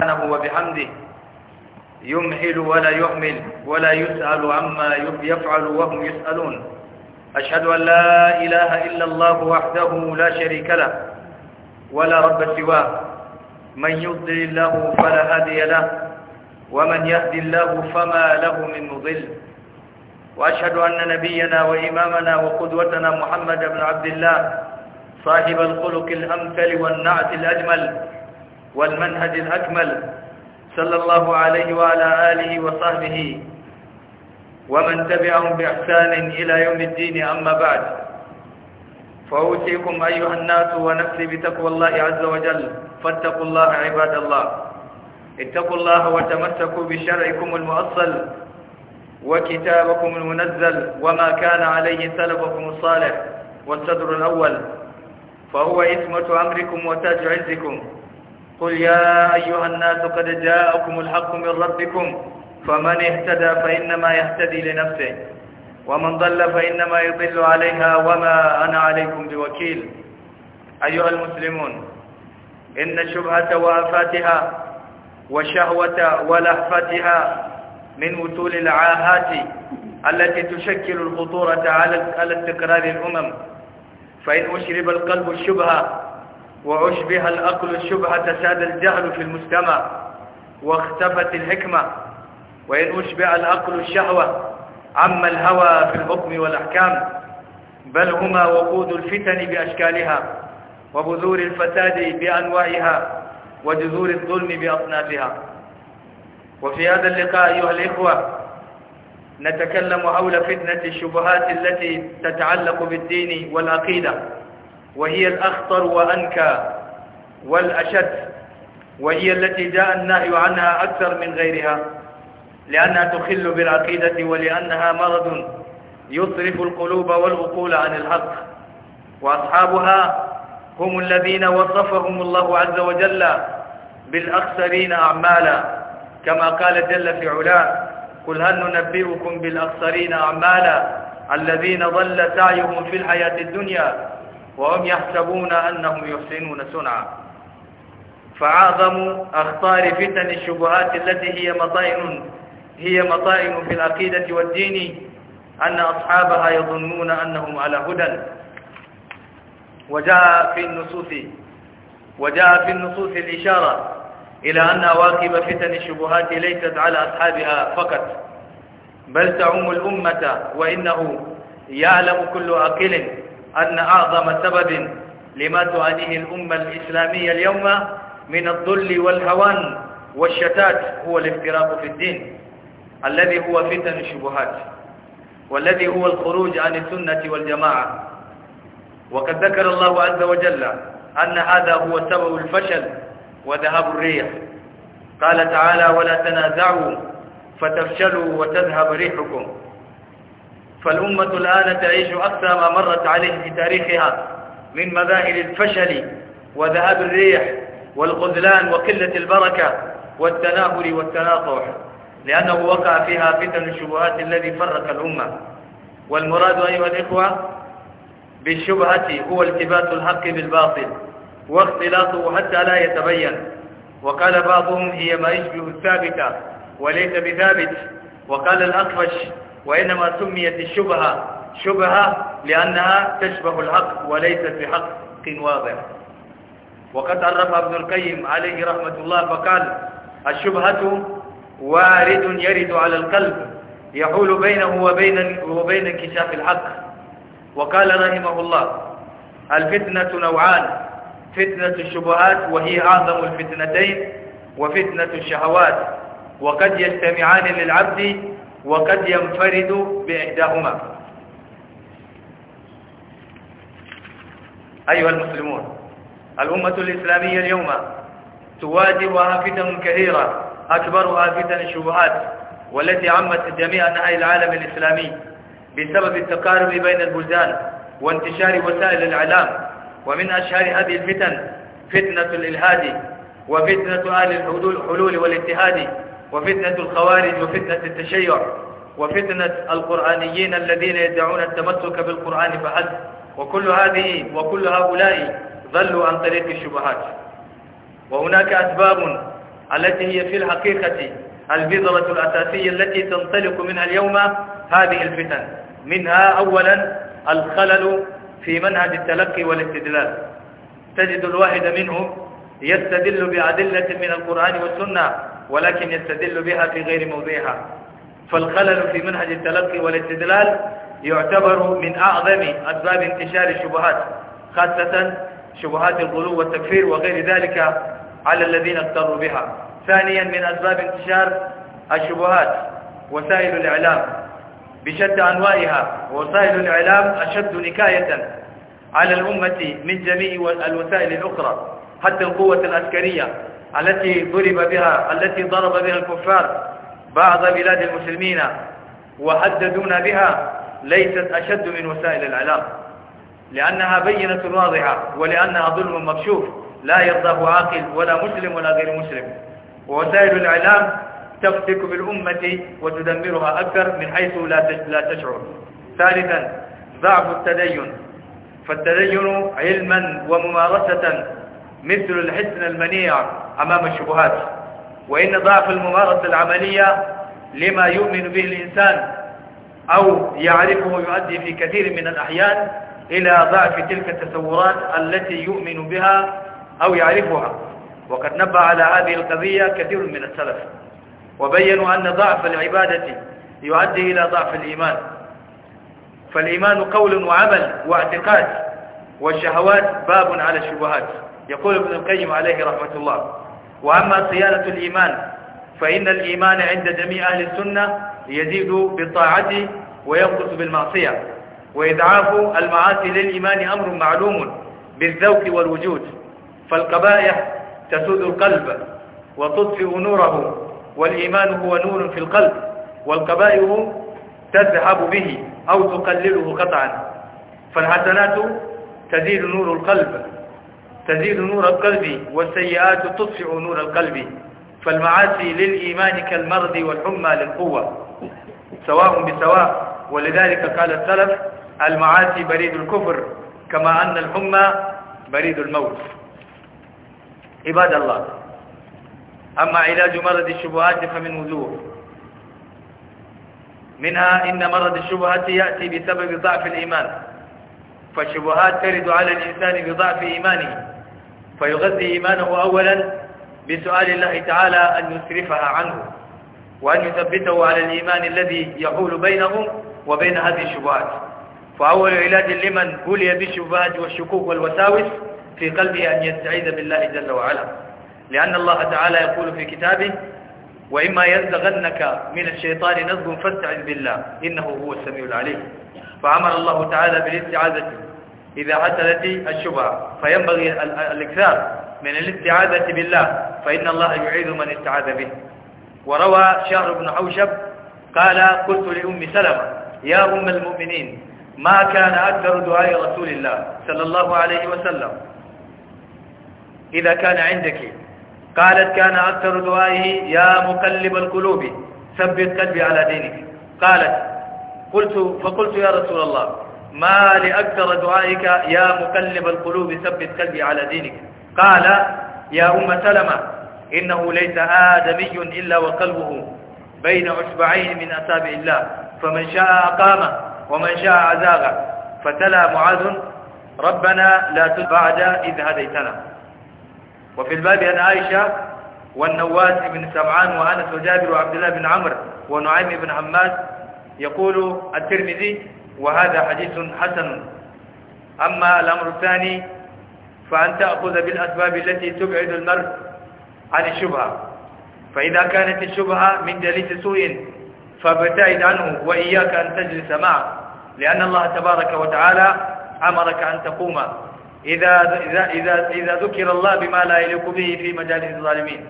سبحانه وبحمده يمهل ولا يهمل ولا يسأل عما يفعل وهم يسألون أشهد أن لا إله إلا الله وحده لا شريك له ولا رب سواه من يضلل الله فلا هادي له ومن يهدي الله فما له من مضل وأشهد أن نبينا وإمامنا وقدوتنا محمد بن عبد الله صاحب الخلق الأمثل والنعت الأجمل والمنهج الأكمل صلى الله عليه وعلى آله وصحبه ومن تبعهم بإحسان إلى يوم الدين أما بعد فأوصيكم أيها الناس ونفسي بتقوى الله عز وجل فاتقوا الله عباد الله اتقوا الله وتمسكوا بشرعكم المؤصل وكتابكم المنزل وما كان عليه سلفكم الصالح والصدر الأول فهو إثمة أمركم وتاج عزكم قل يا أيها الناس قد جاءكم الحق من ربكم فمن اهتدى فإنما يهتدي لنفسه ومن ضل فإنما يضل عليها وما أنا عليكم بوكيل أيها المسلمون إن الشبهة وآفاتها والشهوة ولهفتها من وصول العاهات التي تشكل الخطورة على على استقرار الأمم فإن أشرب القلب الشبهة وأشبه الأقل الشبهة ساد الجهل في المجتمع واختفت الحكمة وإن أشبع الأقل الشهوة عم الهوى في الحكم والأحكام بل هما وقود الفتن بأشكالها وبذور الفساد بأنواعها وجذور الظلم بأصنافها وفي هذا اللقاء أيها الإخوة نتكلم حول فتنة الشبهات التي تتعلق بالدين والعقيدة وهي الأخطر وأنكى والأشد وهي التي جاء النهي عنها أكثر من غيرها لأنها تخل بالعقيدة ولأنها مرض يصرف القلوب والعقول عن الحق وأصحابها هم الذين وصفهم الله عز وجل بالأخسرين أعمالا كما قال جل في علاه قل هل ننبئكم بالأخسرين أعمالا الذين ضل سعيهم في الحياة الدنيا وهم يحسبون أنهم يحسنون صنعا فعظم أخطار فتن الشبهات التي هي مطائن هي مطائن في العقيدة والدين أن أصحابها يظنون أنهم على هدى وجاء في النصوص وجاء في النصوص الإشارة إلى أن عواقب فتن الشبهات ليست على أصحابها فقط بل تعم الأمة وإنه يعلم كل عاقل أن أعظم سبب لما تعانيه الأمة الإسلامية اليوم من الضل والهوان والشتات هو الافتراق في الدين الذي هو فتن الشبهات والذي هو الخروج عن السنة والجماعة وقد ذكر الله عز وجل أن هذا هو سبب الفشل وذهاب الريح قال تعالى ولا تنازعوا فتفشلوا وتذهب ريحكم فالأمة الآن تعيش أكثر ما مرت عليه في تاريخها من مذاهل الفشل وذهاب الريح والخذلان وقلة البركة والتناهل والتناقح لأنه وقع فيها فتن الشبهات الذي فرق الأمة والمراد أيها الإخوة بالشبهة هو التباس الحق بالباطل واختلاطه حتى لا يتبين وقال بعضهم هي ما يشبه الثابتة وليس بثابت وقال الأقفش وإنما سميت الشبهة شبهة لأنها تشبه الحق وليست بحق واضح وقد عرف ابن القيم عليه رحمة الله فقال الشبهة وارد يرد على القلب يحول بينه وبين وبين انكشاف الحق وقال رحمه الله الفتنة نوعان فتنة الشبهات وهي أعظم الفتنتين وفتنة الشهوات وقد يجتمعان للعبد وقد ينفرد بإحداهما أيها المسلمون الأمة الإسلامية اليوم تواجه فتن كثيرة أكبرها فتن الشبهات والتي عمت جميع أنحاء العالم الإسلامي بسبب التقارب بين البلدان وانتشار وسائل الإعلام ومن أشهر هذه الفتن فتنة الإلهاد وفتنة أهل الحلول والاتهاد وفتنة الخوارج وفتنة التشيع وفتنة القرآنيين الذين يدعون التمسك بالقرآن فحسب وكل هذه وكل هؤلاء ظلوا عن طريق الشبهات وهناك أسباب التي هي في الحقيقة البذرة الأساسية التي تنطلق منها اليوم هذه الفتن منها أولا الخلل في منهج التلقي والاستدلال تجد الواحد منهم يستدل بأدلة من القرآن والسنة ولكن يستدل بها في غير موضعها فالخلل في منهج التلقي والاستدلال يعتبر من أعظم أسباب انتشار الشبهات خاصة شبهات الغلو والتكفير وغير ذلك على الذين اقتروا بها ثانيا من أسباب انتشار الشبهات وسائل الإعلام بشتى أنواعها وسائل الإعلام أشد نكاية على الأمة من جميع الوسائل الأخرى حتى القوة العسكرية التي ضرب بها التي ضرب بها الكفار بعض بلاد المسلمين وحددون بها ليست أشد من وسائل الإعلام لأنها بينة واضحة ولأنها ظلم مكشوف لا يرضاه عاقل ولا مسلم ولا غير مسلم ووسائل الإعلام تفتك بالأمة وتدمرها أكثر من حيث لا تشعر ثالثا ضعف التدين فالتدين علما وممارسة مثل الحسن المنيع أمام الشبهات وإن ضعف الممارسة العملية لما يؤمن به الإنسان أو يعرفه يؤدي في كثير من الأحيان إلى ضعف تلك التصورات التي يؤمن بها أو يعرفها وقد نبه على هذه القضية كثير من السلف وبينوا أن ضعف العبادة يؤدي إلى ضعف الإيمان فالإيمان قول وعمل واعتقاد والشهوات باب على الشبهات يقول ابن القيم عليه رحمة الله وأما صيانة الإيمان فإن الإيمان عند جميع أهل السنة يزيد بالطاعة وينقص بالمعصية وإضعاف المعاصي للإيمان أمر معلوم بالذوق والوجود فالقبائح تسود القلب وتطفئ نوره والإيمان هو نور في القلب والقبائح تذهب به أو تقلله قطعا فالحسنات تزيد نور القلب تزيد نور القلب والسيئات تطفئ نور القلب فالمعاصي للإيمان كالمرض والحمى للقوة سواء بسواء ولذلك قال السلف المعاصي بريد الكفر كما أن الحمى بريد الموت عباد الله أما علاج مرض الشبهات فمن وجوه منها إن مرض الشبهات يأتي بسبب ضعف الإيمان فالشبهات ترد على الإنسان بضعف إيمانه فيغذي إيمانه أولا بسؤال الله تعالى أن يسرفها عنه وأن يثبته على الإيمان الذي يحول بينه وبين هذه الشبهات فأول علاج لمن بلي بالشبهات والشكوك والوساوس في قلبه أن يستعيذ بالله جل وعلا لأن الله تعالى يقول في كتابه وإما ينزغنك من الشيطان نزغ فاستعذ بالله إنه هو السميع العليم فأمر الله تعالى بالاستعاذة إذا حصلت الشبهة فينبغي الإكثار من الاستعاذة بالله فإن الله يعيد من استعاذ به وروى شهر بن حوشب قال قلت لأم سلمة يا أم المؤمنين ما كان أكثر دعاء رسول الله صلى الله عليه وسلم إذا كان عندك قالت كان أكثر دعائه يا مقلب القلوب ثبت قلبي على دينك قالت قلت فقلت يا رسول الله ما لأكثر دعائك يا مقلب القلوب ثبت قلبي على دينك قال يا أم سلمة إنه ليس آدمي إلا وقلبه بين أصبعين من أسابع الله فمن شاء أقامه ومن شاء عزاغه فتلا معاذ ربنا لا تبعد إذ هديتنا وفي الباب أن عائشة والنواس بن سمعان وأنس وجابر وعبد الله بن عمرو ونعيم بن حماد يقول الترمذي وهذا حديث حسن أما الأمر الثاني فأن تأخذ بالأسباب التي تبعد المرء عن الشبهة فإذا كانت الشبهة من دليل سوء فابتعد عنه وإياك أن تجلس معه لأن الله تبارك وتعالى أمرك أن تقوم إذا, إذا, إذا, إذا ذكر الله بما لا يليق به في مجالس الظالمين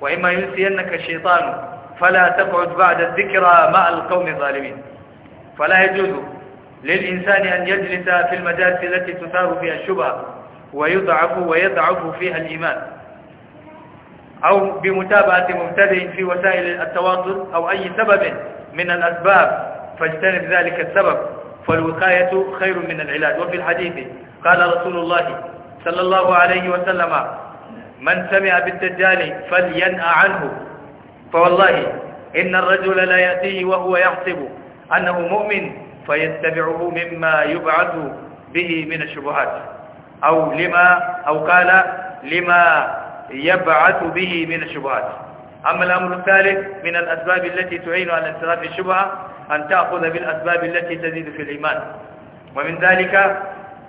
وإما ينسينك الشيطان فلا تقعد بعد الذكرى مع القوم الظالمين فلا يجوز للإنسان أن يجلس في المجالس التي تثار فيها الشبهة ويضعف ويضعف فيها الإيمان أو بمتابعة مبتدئ في وسائل التواصل أو أي سبب من الأسباب فاجتنب ذلك السبب فالوقاية خير من العلاج وفي الحديث قال رسول الله صلى الله عليه وسلم من سمع بالدجال فلينأ عنه فوالله إن الرجل لا يأتيه وهو يحسب أنه مؤمن فيتبعه مما يبعث به من الشبهات أو لما أو قال لما يبعث به من الشبهات أما الأمر الثالث من الأسباب التي تعين على انصراف الشبهة أن تأخذ بالأسباب التي تزيد في الإيمان ومن ذلك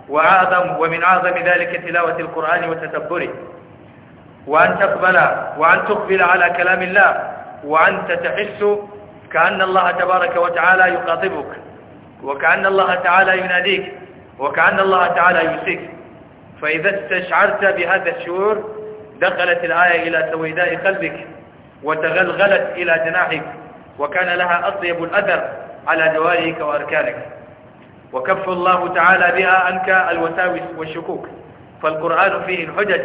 وعظم ومن أعظم ذلك تلاوة القرآن وتدبره وأن تقبل وأن تقبل على كلام الله وأنت تحس كأن الله تبارك وتعالى يخاطبك وكأن الله تعالى يناديك وكأن الله تعالى يوصيك فإذا استشعرت بهذا الشعور دخلت الآية إلى سويداء قلبك وتغلغلت إلى جناحك وكان لها أطيب الأثر على جوارحك وأركانك وكف الله تعالى بها عنك الوساوس والشكوك فالقرآن فيه الحجج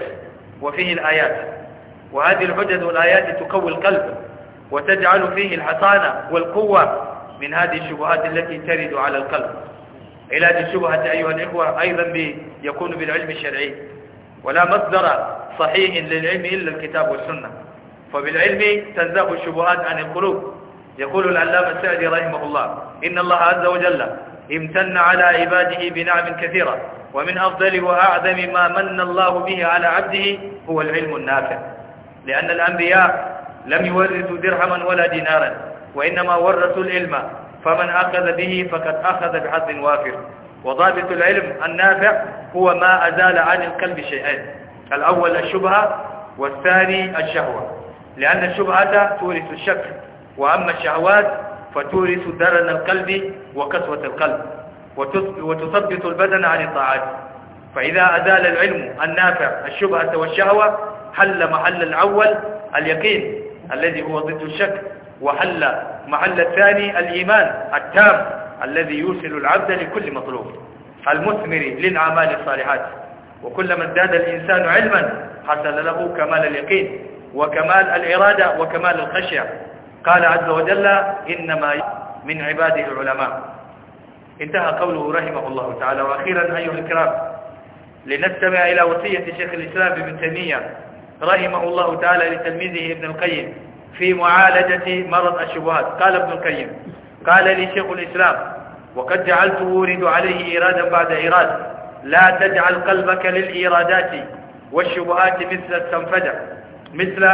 وفيه الآيات وهذه الحجج والآيات تقوي القلب وتجعل فيه الحصانة والقوة من هذه الشبهات التي ترد على القلب علاج الشبهة أيها الإخوة أيضا يكون بالعلم الشرعي ولا مصدر صحيح للعلم إلا الكتاب والسنة فبالعلم تنزاق الشبهات عن القلوب يقول العلامة السعدي رحمه الله إن الله عز وجل امتن على عباده بنعم كثيرة ومن أفضل وأعظم ما من الله به على عبده هو العلم النافع لأن الأنبياء لم يورثوا درهما ولا دينارا وإنما ورثوا العلم فمن أخذ به فقد أخذ بحظ وافر وضابط العلم النافع هو ما أزال عن القلب شيئين الأول الشبهة والثاني الشهوة لأن الشبهة تورث الشك وأما الشهوات فتورث درن القلب وكسوة القلب وتثبت البدن عن الطاعات فإذا أزال العلم النافع الشبهة والشهوة حل محل الأول اليقين الذي هو ضد الشك وحل محل الثاني الإيمان التام الذي يوصل العبد لكل مطلوب المثمر للأعمال الصالحات وكلما ازداد الإنسان علما حصل له كمال اليقين وكمال الإرادة وكمال الخشية قال عز وجل إنما من عباده العلماء انتهى قوله رحمه الله تعالى وأخيرا أيها الكرام لنستمع إلى وصية شيخ الإسلام ابن تيمية رحمه الله تعالى لتلميذه ابن القيم في معالجة مرض الشبهات قال ابن القيم قال لي شيخ الإسلام وقد جعلته أورد عليه إيرادا بعد إيراد لا تجعل قلبك للإيرادات والشبهات مثل السنفدة مثل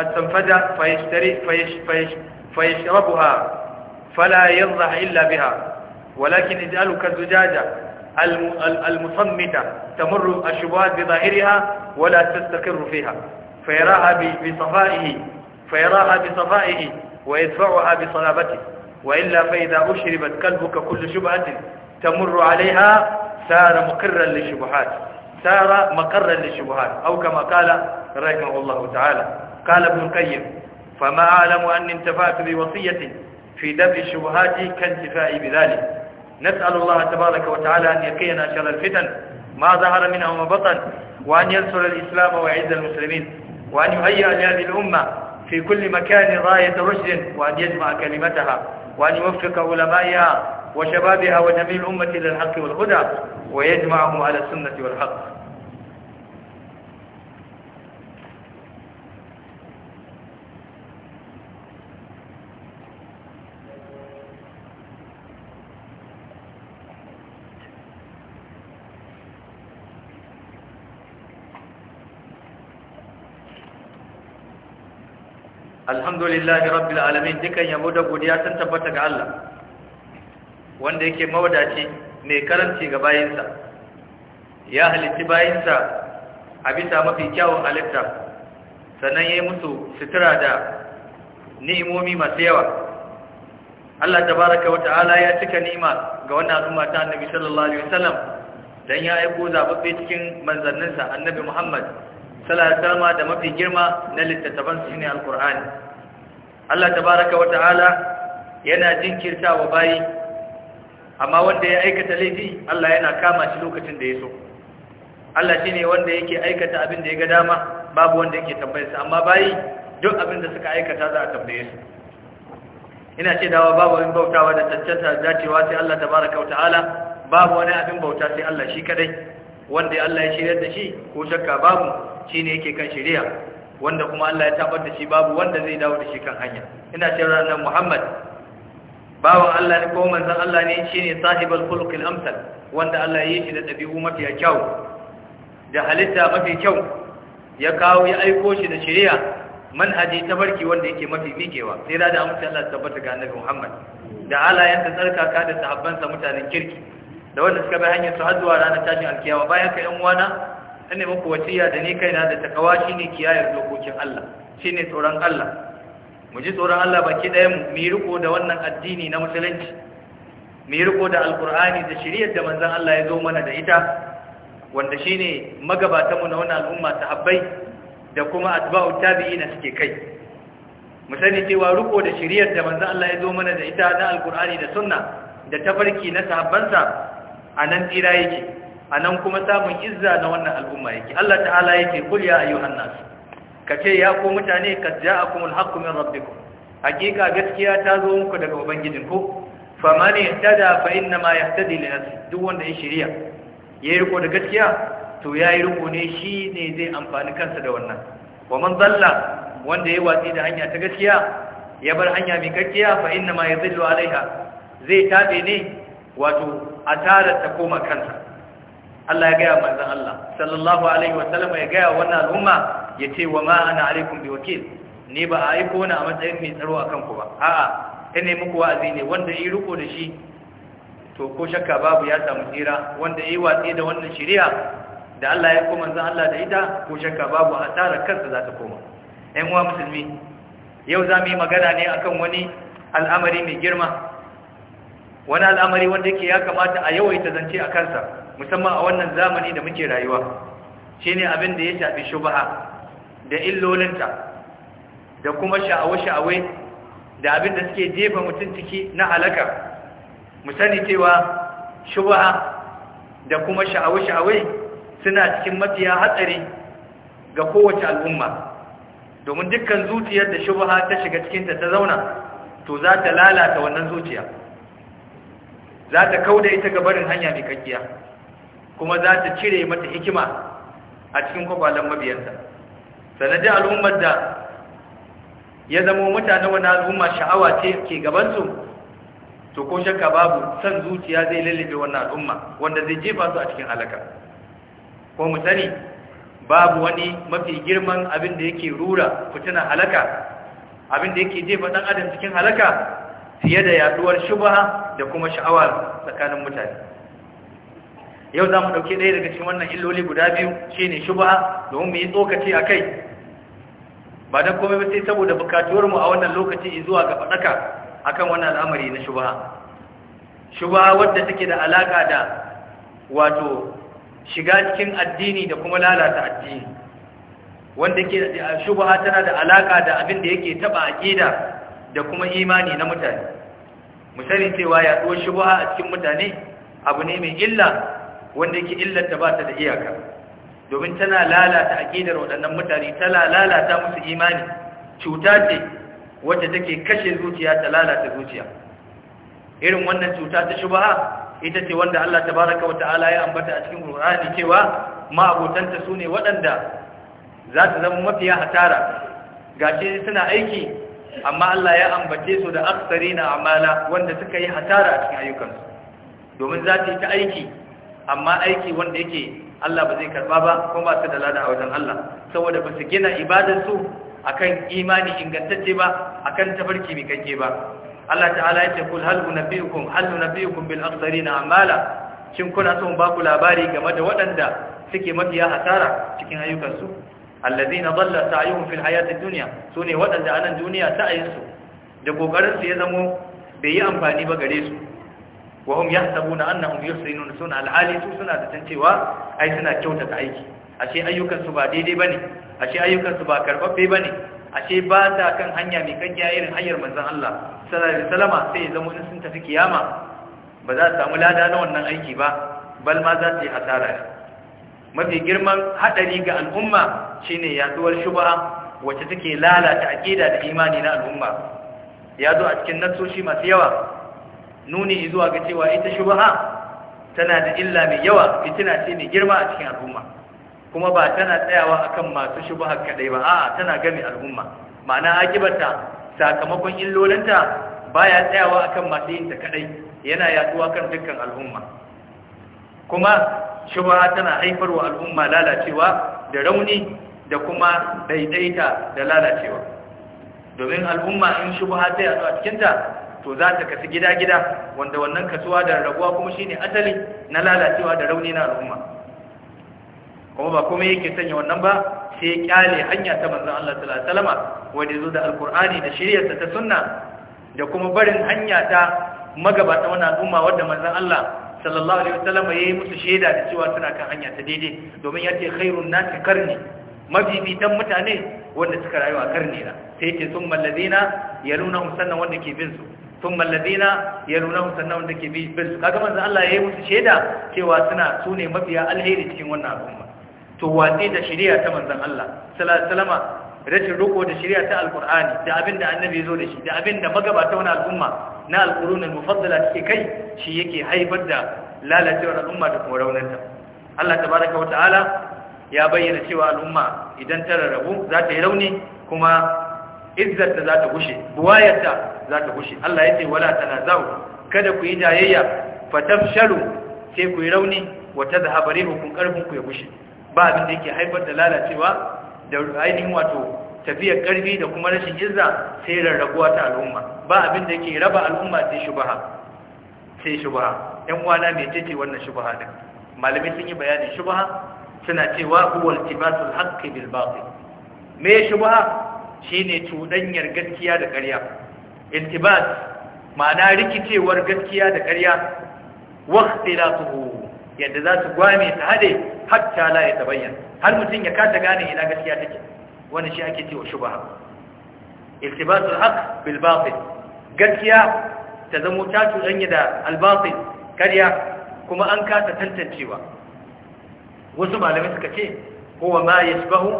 السنفدة فيشتري فيش فيش فيشربها فلا ينضح إلا بها ولكن اجعلك الزجاجة المصمتة تمر الشبهات بظاهرها ولا تستقر فيها فيراها بصفائه فيراها بصفائه ويدفعها بصلابته وإلا فإذا أشربت كلبك كل شبهة تمر عليها سار مقرا للشبهات سار مقرا للشبهات أو كما قال رحمه الله تعالى قال ابن القيم فما أعلم أن انتفعت بوصية في دفع الشبهات كانتفائي بذلك نسأل الله تبارك وتعالى أن يقينا شر الفتن ما ظهر منها وما بطن وأن ينصر الإسلام ويعز المسلمين وأن يهيئ لهذه الأمة في كل مكان راية رشد وأن يجمع كلمتها وأن يوفق علمائها وشبابها وجميع الأمة إلى الحق والهدى ويجمعهم على السنة والحق alhamdulillahi rabbil alamin dukan yabo da godiya sun tabbata ga Allah wanda yake mawadaci mai karanci ga bayinsa ya halitti bayinsa a bisa mafi kyawun halitta sannan ya yi musu sutura da ni'imomi masu yawa Allah tabaraka wa ta'ala ya cika nima ga wannan al'umma ta Annabi sallallahu alaihi wasallam dan ya aiko zababbe cikin manzanninsa Annabi Muhammad salata ma da mafi girma na littattafan su ne alkur'ani Allah tabaraka wa ta'ala yana jinkirta wa bayi amma wanda ya aikata laifi Allah yana kama shi lokacin da ya so Allah shi ne wanda yake aikata abin da ya ga dama babu wanda yake tambayarsa amma bayi duk abin da suka aikata za a tambaye su ina ce dawa babu abin bautawa da cancanta dacewa sai Allah tabaraka wa ta'ala babu wani abin bauta sai Allah shi kadai wanda Allah ya shirya da shi ko shakka babu ne yake kan shirya wanda kuma Allah ya tabar da shi babu wanda zai dawo da shi kan hanya ina cewa nan Muhammad bawan Allah ne ko manzon Allah ne shine sahibul khuluqil amsal wanda Allah ya yi shi da dabi'u mafi kyau da halitta mafi kyau ya kawo ya aiko shi da shirya manhaji ta barki wanda yake mafi mikewa sai da amince Allah tabbata ga annabi Muhammad da halayen da tsarkaka da sahabbansa mutanen kirki da wanda suka bi hanyar su har zuwa ranar tashin alkiyama bayan ka yan uwana nemi muku wasiya da ni kaina da takawa shine kiyayar dokokin Allah shine tsoron Allah mu ji tsoron Allah baki ɗaya mu mu riko da wannan addini na musulunci mu riko da alkur'ani da shiriyar da manzon Allah ya zo mana da ita wanda shine magabatanmu na wannan al'umma sahabbai da kuma atba'u tabi'ina suke kai mu sani cewa riko da shiriyar da manzon Allah ya zo mana da ita na alkur'ani da sunna da tafarki na sahabbansa a nan tsira yake A nan kuma samun izza na wannan al'umma yake Allah ta'ala yake kul ya hannas Ka ce ya ku mutane ka kad a haqqu min rabbikum hakika gaskiya ta zo muku daga ubangijinku ta da fa na ma yahtadi da nafsi duk wanda ya shirya. Ya yi riko da gaskiya to yi riko ne shi ne zai amfani kansa da wannan wa man zalla wanda yi watsi da hanya ta gaskiya ya bar hanya mai gaskiya fa na ma zo alaiha zai tabe ne wato a tara ta koma kansa Allah ya gaya manzan Allah sallallahu alaihi wa sallam ya gaya wannan al'umma Ya ce wa ma ana alaikum biwakil ni ba a aiko na a matsayin mai tsaro a kanku ba a'a ina muku wa'azi ne wanda yi riko da shi to ko shakka babu ya samu tsira wanda yi watsi da wannan shari'a da Allah ya koma manzon Allah da ita ko shakka babu asara kansa za ta koma ɗan uwa musulmi yau za mu yi magana ne akan wani al'amari mai girma wani al'amari wanda yake ya kamata a yawaita zance a kansa musamman a wannan zamani da muke rayuwa shi ne abin da ya shafi shubaha da illolinta da kuma sha'awa-sha'awai da abin da suke jefa mutum ciki na halaka mu cewa shubaha da kuma sha'awa-sha'awai suna cikin mafiya hatsari ga kowace al'umma domin dukkan zuciyar da shubaha ta shiga cikinta ta zauna to za ta lalata wannan zuciya za ta kauda ita ga barin hanya mai kakkiya kuma za ta cire mata hikima a cikin kwakwalen mabiyanta sanadi al'ummar da ya zama mutane wani al'umma sha'awa ce ke gabansu to ko shakka babu san zuciya zai lallabe wannan al'umma wanda zai jefa su a cikin halaka ko mu sani babu wani mafi girman abin da yake rura fitina halaka abin da yake jefa dan adam cikin halaka fiye da yaduwar shubha da kuma sha'awa tsakanin mutane yau za mu ɗauki ɗaya daga cikin wannan illoli guda biyu shi ne shubha domin mu yi tsokaci a kai ba don komai ba sai saboda bukatuwarmu a wannan lokaci zuwa ga faɗaka akan wannan al'amari na shubha shubha wadda take da alaƙa da wato shiga cikin addini da kuma lalata addini wanda ke shubha tana da alaƙa da abin da yake taɓa aƙida da kuma imani na mutane mu sani cewa yaduwar shubha a cikin mutane abu ne mai illa wanda yake illar ta ba ta da iyaka domin tana lalata aƙidar waɗannan mutane tana lalata musu imani cuta ce wacce take kashe zuciya ta lalata zuciya irin wannan cuta ta shubha ita ce wanda Allah baraka wa ta'ala ya ambata a cikin Qur'ani cewa ma'abotanta sune waɗanda za su zama mafiya hatara gashi suna aiki amma Allah ya ambace su da na amala wanda suka yi hatara a cikin ayyukansu domin za su yi ta aiki amma aiki wanda yake Allah ba zai karba ba kuma ba su da lada a wajen Allah saboda ba su gina ibadarsu akan imani ingantacce ba akan tafarki kake ba Allah ta'ala ya ce kul hal na hal unabiyukum bil na amala shin kuna son ba ku labari game da waɗanda suke mafiya hasara cikin ayyukansu allazina dalla sa'yuhum fil hayatid dunya sune wadanda anan duniya sa'ayinsu da kokarin su ya zamo bai yi amfani ba gare su wa hum yahsabuna annahum yuhsinun sunna al'ali su suna da tancewa ai suna kyautata aiki ashe ayyukan su ba daidai bane ashe ayyukan su ba karbabbe bane ashe ba ta kan hanya mai kankiya irin hanyar manzon Allah sallallahu alaihi wasallama sai ya zamo in sun tafi kiyama ba za su samu lada na wannan aiki ba bal ma za su yi hasara mafi girman hadari ga al'umma ne yaduwar shubaha wacce take lalata aqida da imani na al'umma ya zo a cikin nassoshi masu yawa nuni zuwa ga cewa ita shubaha? tana da illa mai yawa fitina ce mai girma a cikin al'umma kuma ba tana tsayawa akan masu shubaha kadai ba a'a tana game al'umma ma'ana akibarta sakamakon illolinta baya tsayawa akan masu yin ta kadai yana yaduwa kan dukkan al'umma kuma shubaha tana haifarwa al'umma lalacewa da rauni da kuma daidaita da lalacewa domin al'umma in shubha ta yazo a cikinta to za ta kasu gida-gida wanda wannan kasuwa da raguwa kuma shi ne asali na lalacewa da rauni na al'umma kuma ba kuma yake sanya wannan ba sai kyale hanya ta manzan Allah Ta Salama, wadda zo da alkur'ani da shiryarsa ta sunna da kuma barin hanya ta magabata wani al'umma wadda manzan Allah sallallahu alaihi ya yi musu shaida da cewa suna kan hanya ta daidai domin yace khairun nasi karni mabibitan mutane wanda suka rayu a karni na sai ce sun mallazina ya nuna musannan wanda ke bin su sun mallazina ya nuna musannan wanda ke bin su kaga manzo Allah ya yi musu shaida cewa suna su ne mabiya alheri cikin wannan al'umma to watsi da shari'a ta manzon Allah sallallahu rashin riko da shari'a ta alqur'ani da abinda annabi ya zo da shi da abinda magabata wani al'umma na alqurunul mufaddala take kai shi yake haifar da lalacewar al'umma da kuma raunanta Allah tabaraka wa ta'ala ya bayyana cewa al'umma idan ta rarrabu za ta yi rauni kuma izzarta za ta gushe buwayarta za ta gushe Allah ya ce wala tanazau kada ku yi jayayya tafsharu sai ku yi rauni wa tadhhabu rihukum karfin ku ya gushe ba abin da yake haifar da lalacewa da ainihin wato tafiyar karfi da kuma rashin izza sai rarrabuwa ta al'umma ba abin da yake raba al'umma sai shubaha sai shubaha ɗan uwana mai tace wannan shubaha din malamai sun yi bayanin shubaha suna cewa huwa iltibasul haqqi bil batil me shubha shine cudanyar gaskiya da ƙarya iltibas ma'ana rikicewar gaskiya da ƙarya waqtilatuhu yadda za su gwame ta hade hatta la ya tabayyana har mutum ya kasa gane ina gaskiya take wannan shi ake cewa shubha iltibasul haqq bil batil gaskiya ta zamo ta cudanya da al batil ƙarya kuma an kasa tantancewa wasu malamai suka ce huwa ma yashbahu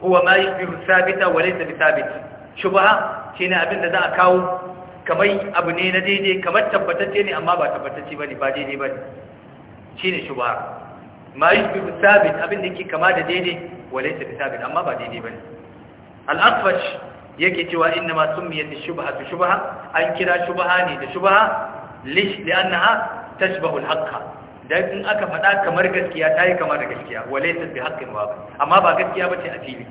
huwa ma yashbihu thabita wa laysa bi thabit shubha shine abin da za a kawo kamar abu ne na daidai kamar tabbatacce ne amma ba tabbatacce bane ba daidai bane shine shubha ma yashbihu thabit abin da yake kama da daidai wa laysa bi amma ba daidai bane al-aqfash yake cewa inna ma summiyat shubhatu shubha an kira shubha ne da shubha lish li'annaha tashbahu al-haqqa dan in aka faɗa kamar gaskiya ta yi kama da gaskiya wale ta bi haƙƙin ba amma ba gaskiya bace a fili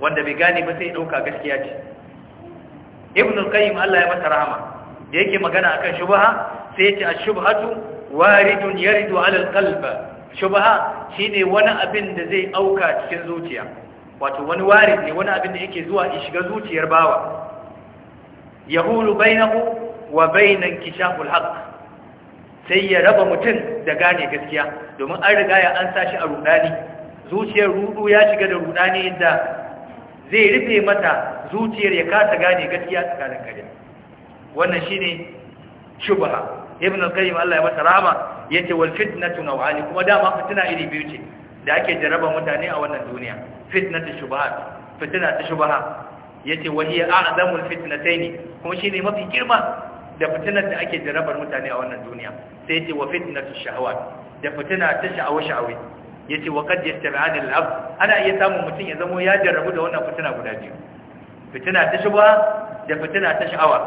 wanda bai gane ba sai ɗauka gaskiya ce ibn al-qayyim Allah ya masa rahama da yake magana akan shubha sai yace ash-shubhatu waridun yaridu ala al-qalb shubha shine wani abin da zai auka cikin zuciya wato wani warid ne wani abin da yake zuwa ya shiga zuciyar bawa yahulu bainahu wa bainan kishaful haqq sai ya raba mutum da gane gaskiya domin an riga ya an sashi a rudani zuciyar rudu ya shiga da rudani inda zai rufe mata zuciyar ya kasa gane gaskiya tsakanin kare wannan shine shubha ibn al-qayyim Allah ya masa rahama yace wal fitnatu naw'ani kuma dama fitina iri biyu ce da ake jaraba mutane a wannan duniya fitnatu shubhat fitina ta shubha yace wa hiya a'zamul fitnataini kuma shine mafi girma da fitinar da ake jarabar mutane a wannan duniya sai ce wa fitnatu shahawat da fitina ta sha'awa sha'awi yace wa qad yastar'ani al-abd ana iya samun mutum ya zamo ya jarabu da wannan fitina guda biyu fitina ta shubha da fitina ta sha'awa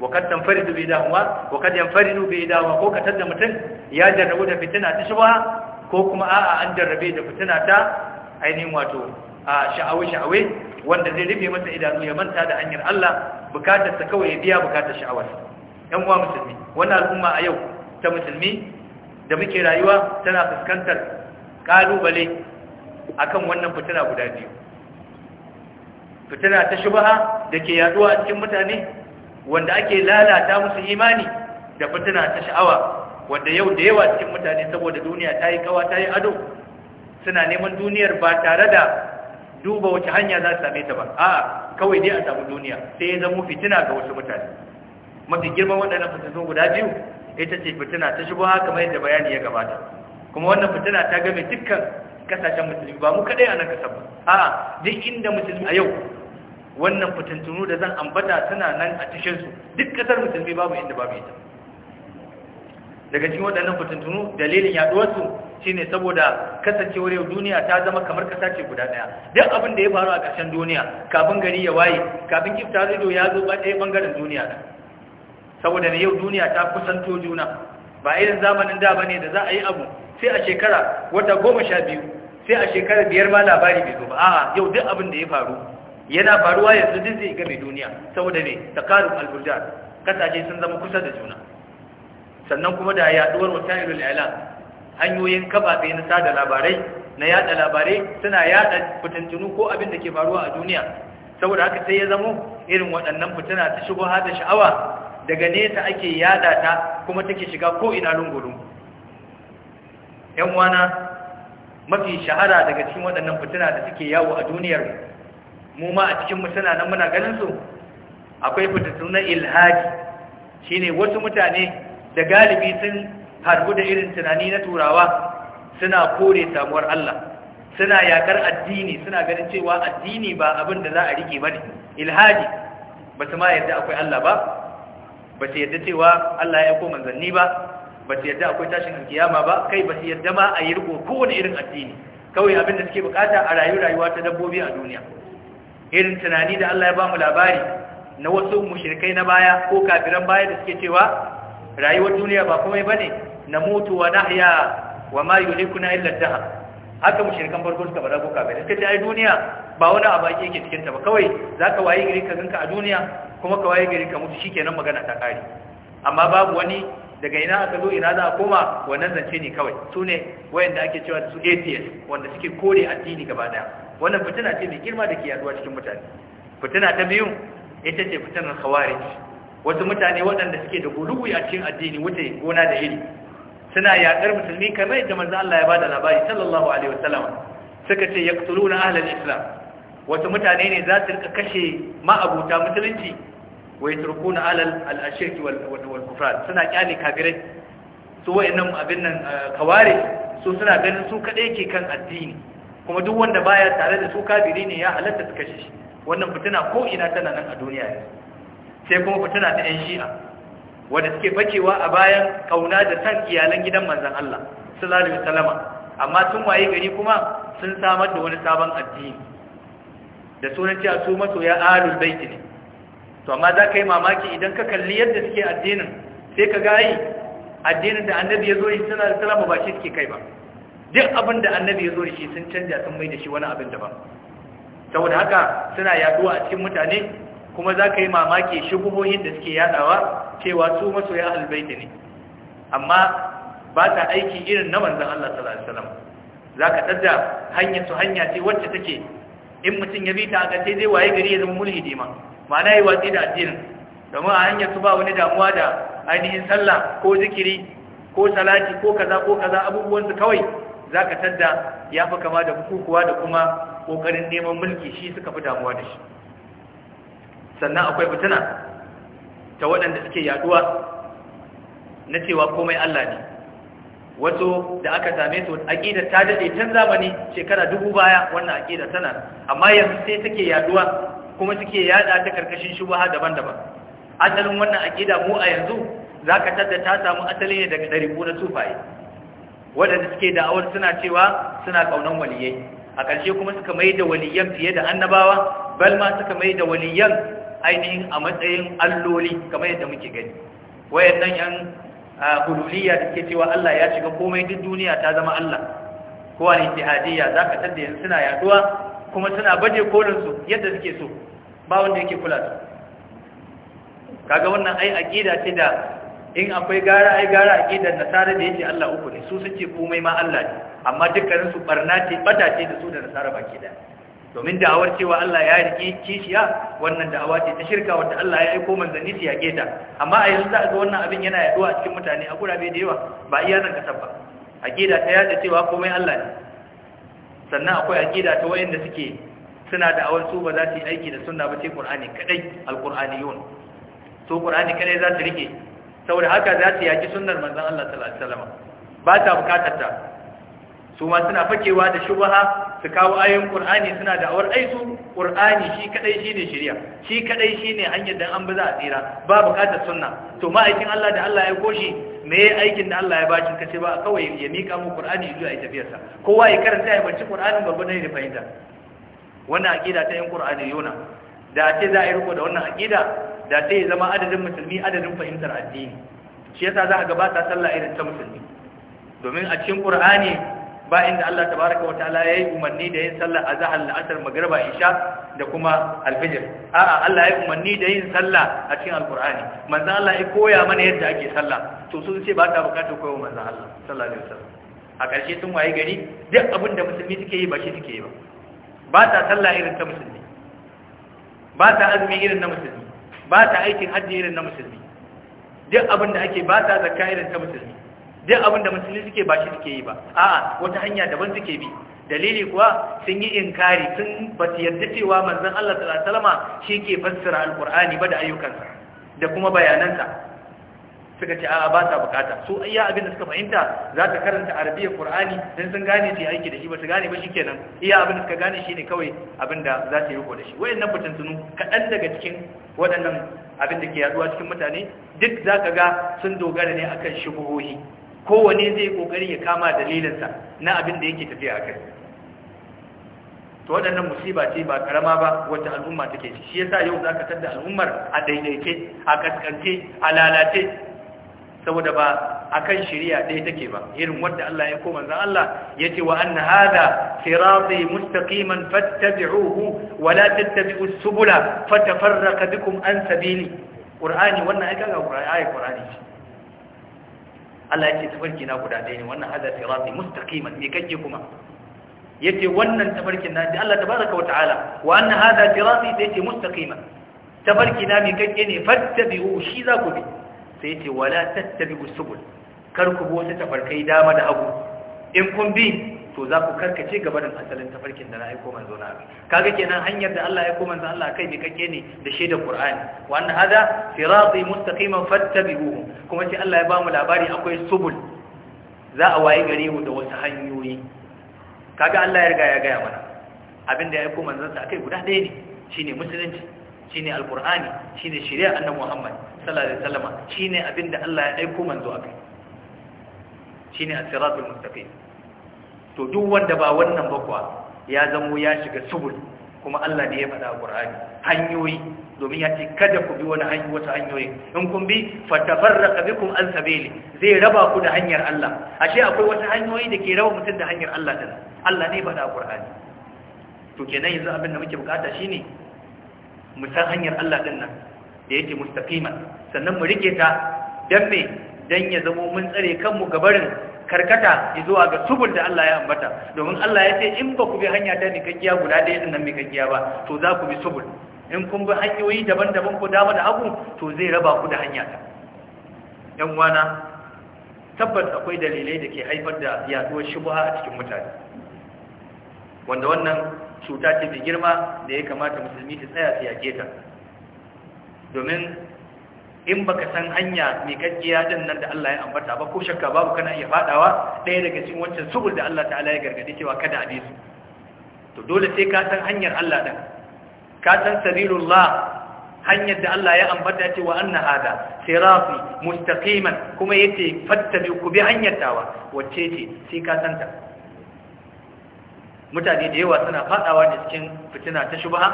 wa qad tanfaridu bi dahwa wa qad yanfaridu bi dahwa ko ka tadda mutum ya jarabu da fitina ta shubha ko kuma a'a an jarrabe da fitina ta ainihin wato a sha'awa sha'awi wanda zai rufe masa idanu ya manta da hanyar Allah bukatarsa kawai ya biya bukatar sha'awarsa yan uwa musulmi wannan al'umma a yau ta musulmi da muke rayuwa tana fuskantar kalubale akan wannan fitina guda biyu fitina ta shubaha da ke yaduwa a cikin mutane wanda ake lalata musu imani da fitina ta sha'awa wanda yau da yawa cikin mutane saboda duniya ta yi kawa ta yi ado suna neman duniyar ba tare da duba wace hanya za su same ta ba A'a, kawai dai a samu duniya sai ya zama fitina ga wasu mutane mafi girman waɗannan fitattun guda biyu ita ce fitina ta shigo haka mai da bayani ya gabata kuma wannan fitina ta game dukkan kasashen musulmi ba mu kaɗai a nan kasar ba a duk inda musulmi a yau wannan fitattunu da zan ambata suna nan a cikin su duk kasar musulmi babu inda babu ita daga cikin waɗannan fitattunu dalilin yaduwar su shine saboda kasancewar yau duniya ta zama kamar kasa ce guda daya duk abin da ya faru a ƙarshen duniya kafin gari ya waye kafin kifta rido ya zo ba ɗaya bangaren duniya saboda ne yau duniya ta kusanto juna ba irin zamanin da bane da za a yi abu sai a shekara wata goma sha biyu sai a shekara biyar ma labari bai zo ba a'a yau duk abin da ya faru yana faruwa yanzu duk zai ga mai duniya saboda ne takarun albuljar kasashe sun zama kusa da juna sannan kuma da yaduwar wasailul ilam hanyoyin kababe na sada labarai na yada labarai suna yada fitintunu ko abin da ke faruwa a duniya saboda haka sai ya zamo irin waɗannan fitina ta shigo har da sha'awa daga nesa ake yada ta kuma take shiga ko ina lungu-lungu yan wana mafi shahara daga cikin waɗannan fitina da suke yawo a duniyar mu ma a cikin mutuna nan muna ganin su akwai fitattun na ilhaji shine wasu mutane da galibi sun harbu da irin tunani na turawa suna kore samuwar Allah suna yakar addini suna ganin cewa addini ba abin da za a rike ba ne ilhaji ba su ma yarda akwai Allah ba ba yarda yadda cewa Allah ya koma zanni ba ba ta yadda akwai tashin alkiyama ba kai ba yarda yadda ma a yi riko kowane irin addini kawai abin da suke bukata a rayu rayuwa ta dabbobi a duniya irin tunani da Allah ya ba mu labari na wasu mushrikai na baya ko kafiran baya da suke cewa rayuwar duniya ba komai bane na mutu wa nahya wa ma yulikuna illa dahab haka mushrikan farko suka bada ko kafirai suka ce ai duniya ba wani abu ake cikin ta ba kawai zaka waye gari ka ganka a duniya kuma ka waye gari ka mutu shikenan magana ta kare amma babu wani daga ina aka zo ina za a koma wannan zance ne kawai su ne wayanda ake cewa su ATS wanda suke kore addini gaba daya wannan fitina ce mai girma da ke yaduwa cikin mutane fitina ta biyu ita ce fitinar khawarij wasu mutane waɗanda suke da guluwi a cikin addini wuce gona da iri suna yaƙar musulmi kamar yadda manzo Allah ya bada labari sallallahu alaihi wasallam suka ce yaqtuluna ahlal islam wata mutane ne za su rika kashe ma'abuta musulunci wai turkuna alal al-ashirki wal kufrat suna kyale kabirai? su wayannan abin nan eh, kaware su suna ganin su kadai ke kan addini kuma duk wanda baya tare da su kabiri ne ya halatta su kashe shi wannan fitina ko ina tana nan a duniya sai kuma fitina ta yan shi'a wanda suke bakewa a bayan kauna da san iyalan gidan manzan Allah sallallahu alaihi wasallama amma sun waye gari kuma sun samar da wani sabon addini da sunan cewa su masoya ahlul baiti ne to amma za ka yi mamaki idan ka kalli yadda suke addinin sai ka ga yi? addinin da annabi ya zo yi suna da salama ba shi suke kai ba duk abin da annabi ya zo shi sun canja sun mai da shi wani abin daban saboda haka suna yaduwa a cikin mutane kuma za ka yi mamaki shubuhohin da suke yadawa cewa su masoya albaita ne amma ba ta aiki irin na manzan Allah sallallahu alaihi wasallam zaka tadda hanyar su hanya ce wacce take in mutum ya bi ta a sai zai waye gari ya zama mulhidi ma ma'ana yi watsi da addinin domin a hanyar su ba wani damuwa da ainihin sallah ko zikiri ko salati ko kaza ko kaza abubuwan su kawai zaka tadda ya fi kama da bukukuwa da kuma kokarin neman mulki shi suka fi damuwa da shi sannan akwai fitina ta waɗanda suke yaduwa na cewa komai Allah ne wato da aka same su aqida ta dade tun zamani shekara dubu baya wannan aqida tana amma yanzu sai take yaduwa kuma suke yada ta karkashin shubaha daban-daban asalin wannan aqida mu a yanzu zaka tada ta samu asali ne daga dariku na tufaye wadanda suke da'awar suna cewa suna kaunan waliyai a ƙarshe kuma suka mai da waliyan fiye da annabawa bal ma suka mai da waliyan ainihin a matsayin alloli kamar yadda muke gani wayannan yan hululiyya da ke cewa Allah ya shiga komai duk duniya ta zama Allah kowa ne tihadiyya za ka tanda yanzu suna yaduwa kuma suna baje kolinsu yadda suke so ba wanda yake kula su kaga wannan ai aqida ce da in akwai gara ai gara aqidar nasara da yake Allah uku ne su suke komai ma Allah ne amma dukkanin su barna ce bata ce da su da nasara baki daya domin da'awar cewa Allah ya yi kishiya wannan da'awa ce ta shirka wanda Allah ya aiko manzanni su yake ta amma a yanzu za a ga wannan abin yana yaduwa a cikin mutane a gurabe da yawa ba iya zan kasar ba aqida ta yace cewa komai Allah ne sannan akwai al-gida ta wayanda suke suna da'awar su ba za su yi aiki da sunna ba ce Qur'ani kadai alqur'aniyun kadai za su rike saboda haka za su yaki sunnar manzon Allah sallallahu alaihi wasallam ba ta bukatar ta su suna fakewa da shubha su kawo ayoyin Kur'ani. suna da awar aisu ƙurani shi kadai shine shari'a shi kadai shine hanyar da an baza a tsira ba bukatar sunna to ma'aikin Allah da Allah ya koshi me aikin da Allah ya bashi ce ba kawai ya mika mu qur'ani zuwa ya tafiyarsa kowa ya karanta ya bacci qur'anin babban ne da fahimta wannan aƙida ta yin qur'ani yona da ce za a yi riko da wannan aƙida da ce zama adadin musulmi adadin fahimtar addini shi yasa za a gabata sallah irin ta musulmi domin a cikin qur'ani ba inda Allah tabaraka wa ta'ala yayi umarni da yin sallah azhar la'asar magriba isha da kuma alfijir a'a Allah yayi umarni da yin sallah a cikin alqur'ani manzo Allah ya koya mana yadda ake sallah to sun ce ba ta bukatar koyo manzo Allah sallallahu alaihi wasallam a ƙarshe sun waye gari duk abin da musulmi suke yi ba shi suke yi ba ba ta sallah irin ta musulmi ba ta azumi irin na musulmi ba ta aikin hajji irin na musulmi duk abin da ake ba ta zakka irin ta musulmi duk abin da musulmi suke ba shi suke yi ba a'a wata hanya daban suke bi dalili kuwa sun yi inkari sun ba su yarda cewa manzon Allah sallallahu alaihi shi ke fassara alqur'ani ba da ayyukansa da kuma bayanansa suka ce a'a ba sa bukata su iya abin da suka fahimta za ta karanta arabiyyar qur'ani dan sun gane shi aiki da shi ba su gane ba shikenan iya abin da suka gane shi ne kawai abin da za ta yi ko da shi wayannan fitintunu kadan daga cikin waɗannan abin da ke yaduwa cikin mutane duk zaka ga sun dogara ne akan shubuhohi kowane zai kokari ya kama dalilinsa na abin da yake tafiya a kai to waɗannan musiba ce ba karama ba wacce al'umma take ci shi yasa yau ka tada al'ummar a daidaice a kaskance a lalace saboda ba akan shirya ɗaya take ba irin wanda Allah ya koma zan Allah ya wa anna hada sirati mustaqiman fattabi'uhu wa la tattabi'us subula fatafarraqa bikum an sabili qur'ani wannan ai kaga qur'ani ai qur'ani Allah ya ce tafarki na guda ɗaya ne wannan hada sirati mustaqiman me kake kuma yace wannan tafarkin na Allah tabaraka wa ta'ala wa anna hada sirati sai yace mustaqiman tafarki na me kake ne fattabi'u shi za ku bi sai yace wala tattabi'u subul kar ku bi wata tafarkai dama da hagu in kun bi to za ku karkace gabanin asalin tafarkin da na aiko manzo na kaga kenan hanyar da Allah ya aiko manzo Allah kai mikakke ne da shaidar Qur'ani wa anna hada sirati mustaqiman fattabi'uhu kuma sai Allah ya ba mu labari akwai subul za a waye gare mu da wasu hanyoyi kaga Allah ya riga ya gaya mana abinda ya aiko manzon sa kai guda ɗaya ne shine musulunci shine alqur'ani shine shari'a annabi Muhammad sallallahu alaihi wasallam shine abinda Allah ya aiko manzo akai shine as-siratul mustaqim to duk wanda ba wannan ba kuwa ya zamo ya shiga subul kuma Allah ne ya faɗa a Qur'ani hanyoyi domin ya ce kada ku bi wani hanyoyi wata hanyoyi in kun bi tafarraqa bikum an sabili zai raba ku da hanyar Allah ashe akwai wata hanyoyi da ke raba mutum da hanyar Allah din Allah ne faɗa a Qur'ani to kenan yanzu abin da muke bukata shine mu san hanyar Allah din nan da yake mustaqima sannan mu rike ta dan me dan ya zamo mun tsare kanmu gabarin karkata zuwa ga subul da Allah ya ambata domin Allah ya ce in ba ku bi hanya ta mikakkiya guda ɗaya din nan mikakkiya ba to za ku bi subul in kun bi hanyoyi daban-daban ku dama da abu to zai raba ku da hanya ta yan wana tabbas akwai dalilai da ke haifar da yaduwar shubha a cikin mutane wanda wannan cuta ce mai girma da ya kamata musulmi ta tsaya su yake ta domin in baka san hanya mai gaskiya din nan da Allah ya ambata ba ko shakka babu kana iya fadawa ɗaya daga cikin wancan subul da Allah ta'ala ya gargade cewa kada a bi su to dole sai ka san hanyar Allah din ka san sabilullah hanyar da Allah ya ambata cewa anna hada sirati mustaqiman kuma yace fattabi ku bi hanyar tawa wacce ce sai ka san ta mutane da yawa suna fadawa ne cikin fitina ta shubha